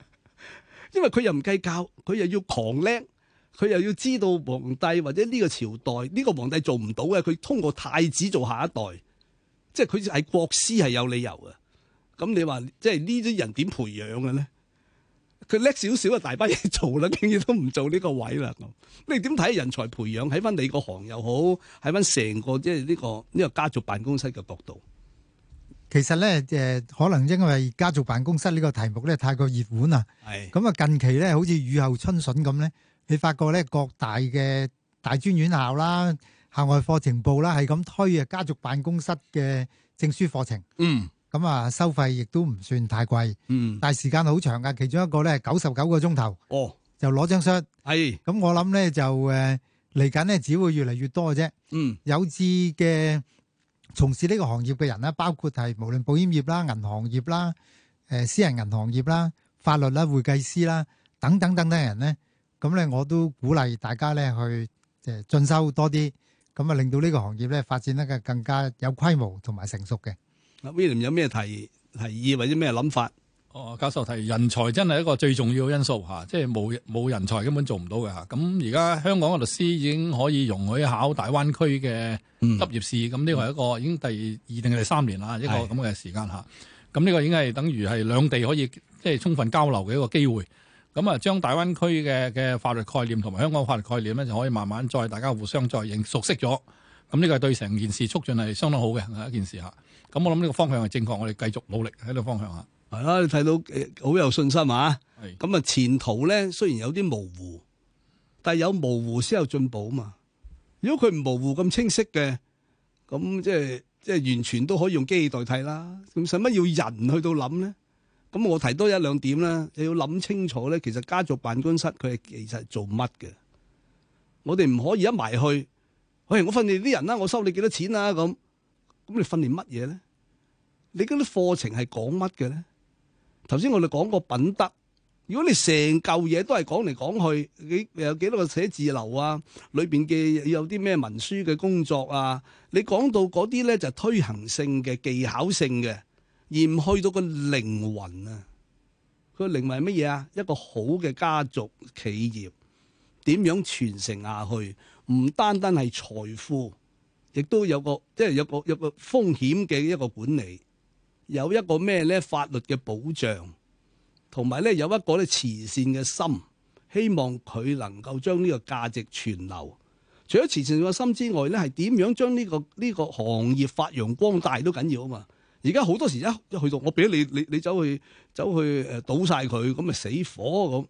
S2: 因為佢又唔計較，佢又要狂叻。佢又要知道皇帝或者呢個朝代呢個皇帝做唔到嘅，佢通過太子做下一代，即係佢係國師係有理由嘅。咁你話即係呢啲人點培養嘅咧？佢叻少少啊，大把嘢做啦，竟然都唔做呢個位啦。咁你點睇人才培養？喺翻你個行又好，喺翻成個即係呢個呢個家族辦公室嘅角度。
S3: 其實咧，誒、呃，可能因為家族辦公室呢個題目咧太過熱門啊。係咁啊，近期咧好似雨後春筍咁咧。你發覺咧，各大嘅大專院校啦、校外課程部啦，係咁推啊，家族辦公室嘅證書課程。嗯，咁啊，收費亦都唔算太貴。嗯，但係時間好長㗎。其中一個咧，九十九個鐘頭。哦，就攞張書。係是，咁我諗咧就誒嚟緊咧，只會越嚟越多嘅啫。嗯，有志嘅從事呢個行業嘅人咧，包括係無論保險業啦、銀行業啦、誒私人銀行業啦、法律啦、會計師啦等等等等人咧。咁咧，我都鼓勵大家咧去誒進修多啲，咁啊令到呢個行業咧發展得嘅更加有規模同埋成熟嘅。
S2: William 有咩提提議，提議或者咩諗法？哦，
S4: 教授提議，人才真係一個最重要嘅因素嚇，即係冇冇人才根本做唔到嘅嚇。咁而家香港嘅律師已經可以容許考大灣區嘅執業試，咁呢、嗯、個係一個已經第二定係第三年啦，是一個咁嘅時間嚇。咁呢個已經係等於係兩地可以即係、就是、充分交流嘅一個機會。咁啊，將大灣區嘅嘅法律概念同埋香港法律概念咧，就可以慢慢再大家互相再認熟悉咗。咁呢個係對成件事促進係相當好嘅一件事嚇。咁我諗呢個方向係正確，我哋繼續努力喺呢個方向嚇。
S2: 係啦，你睇到好有信心啊！咁啊，前途咧雖然有啲模糊，但係有模糊先有進步啊嘛。如果佢唔模糊咁清晰嘅，咁即係即係完全都可以用機器代替啦。咁使乜要人去到諗咧？咁我提多一兩點咧，你要諗清楚咧。其實家族辦公室佢係其實係做乜嘅？我哋唔可以一埋去。喂，我訓練啲人啦，我收你幾多錢啊？咁咁你訓練乜嘢咧？你嗰啲課程係講乜嘅咧？頭先我哋講過品德。如果你成舊嘢都係講嚟講去，你有幾多個寫字樓啊？裏邊嘅有啲咩文書嘅工作啊？你講到嗰啲咧就係推行性嘅，技巧性嘅。而唔去到個靈魂啊！佢靈魂係乜嘢啊？一個好嘅家族企業點樣傳承下去？唔單單係財富，亦都有個即係有個有個風險嘅一個管理，有一個咩咧法律嘅保障，同埋咧有一個咧慈善嘅心，希望佢能夠將呢個價值傳流。除咗慈善嘅心之外咧，係點樣將呢個呢個行業發揚光大都緊要啊嘛！而家好多時一一去到，我俾你，你你走去走去誒、呃、倒晒佢，咁咪死火咁。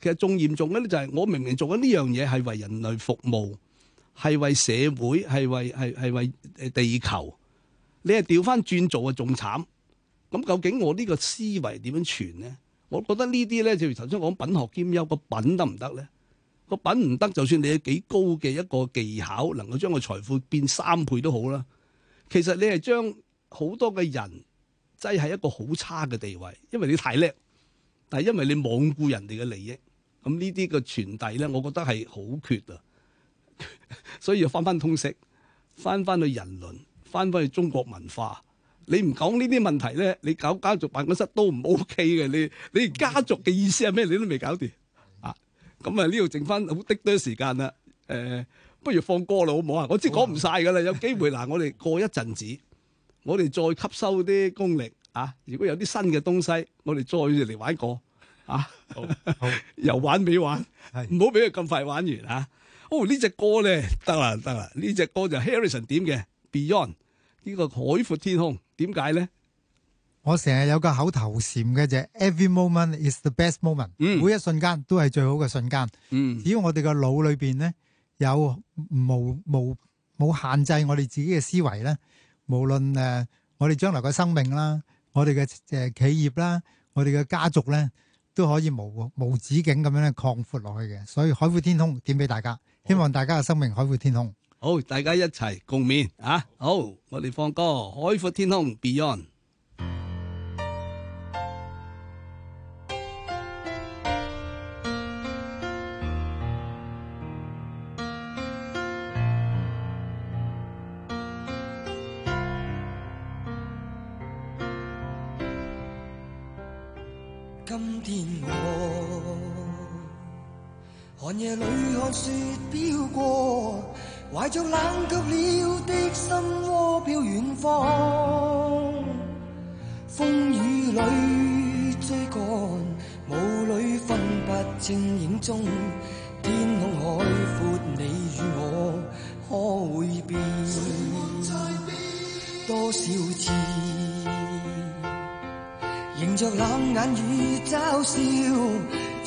S2: 其實仲嚴重嘅咧，就係我明明做緊呢樣嘢係為人類服務，係為社會，係為係係為地球。你係調翻轉做啊，仲慘。咁究竟我呢個思維點樣傳咧？我覺得呢啲咧就如頭先講品學兼優，個品得唔得咧？個品唔得，就算你有幾高嘅一個技巧，能夠將個財富變三倍都好啦。其實你係將好多嘅人真係一個好差嘅地位，因為你太叻，但係因為你罔顧人哋嘅利益，咁呢啲嘅傳遞咧，我覺得係好缺啊。 所以要翻翻通識，翻翻去人倫，翻翻去中國文化。你唔講呢啲問題咧，你搞家族辦公室都唔 OK 嘅。你你家族嘅意思係咩？你都未搞掂 啊。咁啊，呢度剩翻好啲多時間啦。誒、呃，不如放歌啦，好唔好啊？我知講唔晒噶啦， 有機會嗱，我哋過一陣子。我哋再吸收啲功力啊！如果有啲新嘅東西，我哋再嚟玩過啊！好，好，又玩未玩？係唔好俾佢咁快玩完啊！哦，呢隻歌咧，得啦，得啦，呢隻歌就 Harrison 點嘅 Beyond 呢個海闊天空，點解咧？
S3: 我成日有個口頭禪嘅就 Every moment is the best moment，每一瞬間都係最好嘅瞬間。嗯，只要我哋嘅腦裏邊咧有無無冇限制我哋自己嘅思維咧，無論誒，我哋將來嘅生命啦，我哋嘅誒企業啦，我哋嘅家族咧，都可以無無止境咁樣咧擴闊落去嘅，所以海闊天空點俾大家，希望大家嘅生命海闊天空
S2: 好。好，大家一齊共勉啊！好，我哋放歌《海闊天空》Beyond。
S5: 夜裏看雪飄過，懷着冷卻了的心窩飄遠方。風雨裏追趕，霧裏分不清影蹤。天空海闊，你與我可會變？誰沒在變，多少次迎着冷眼與嘲笑？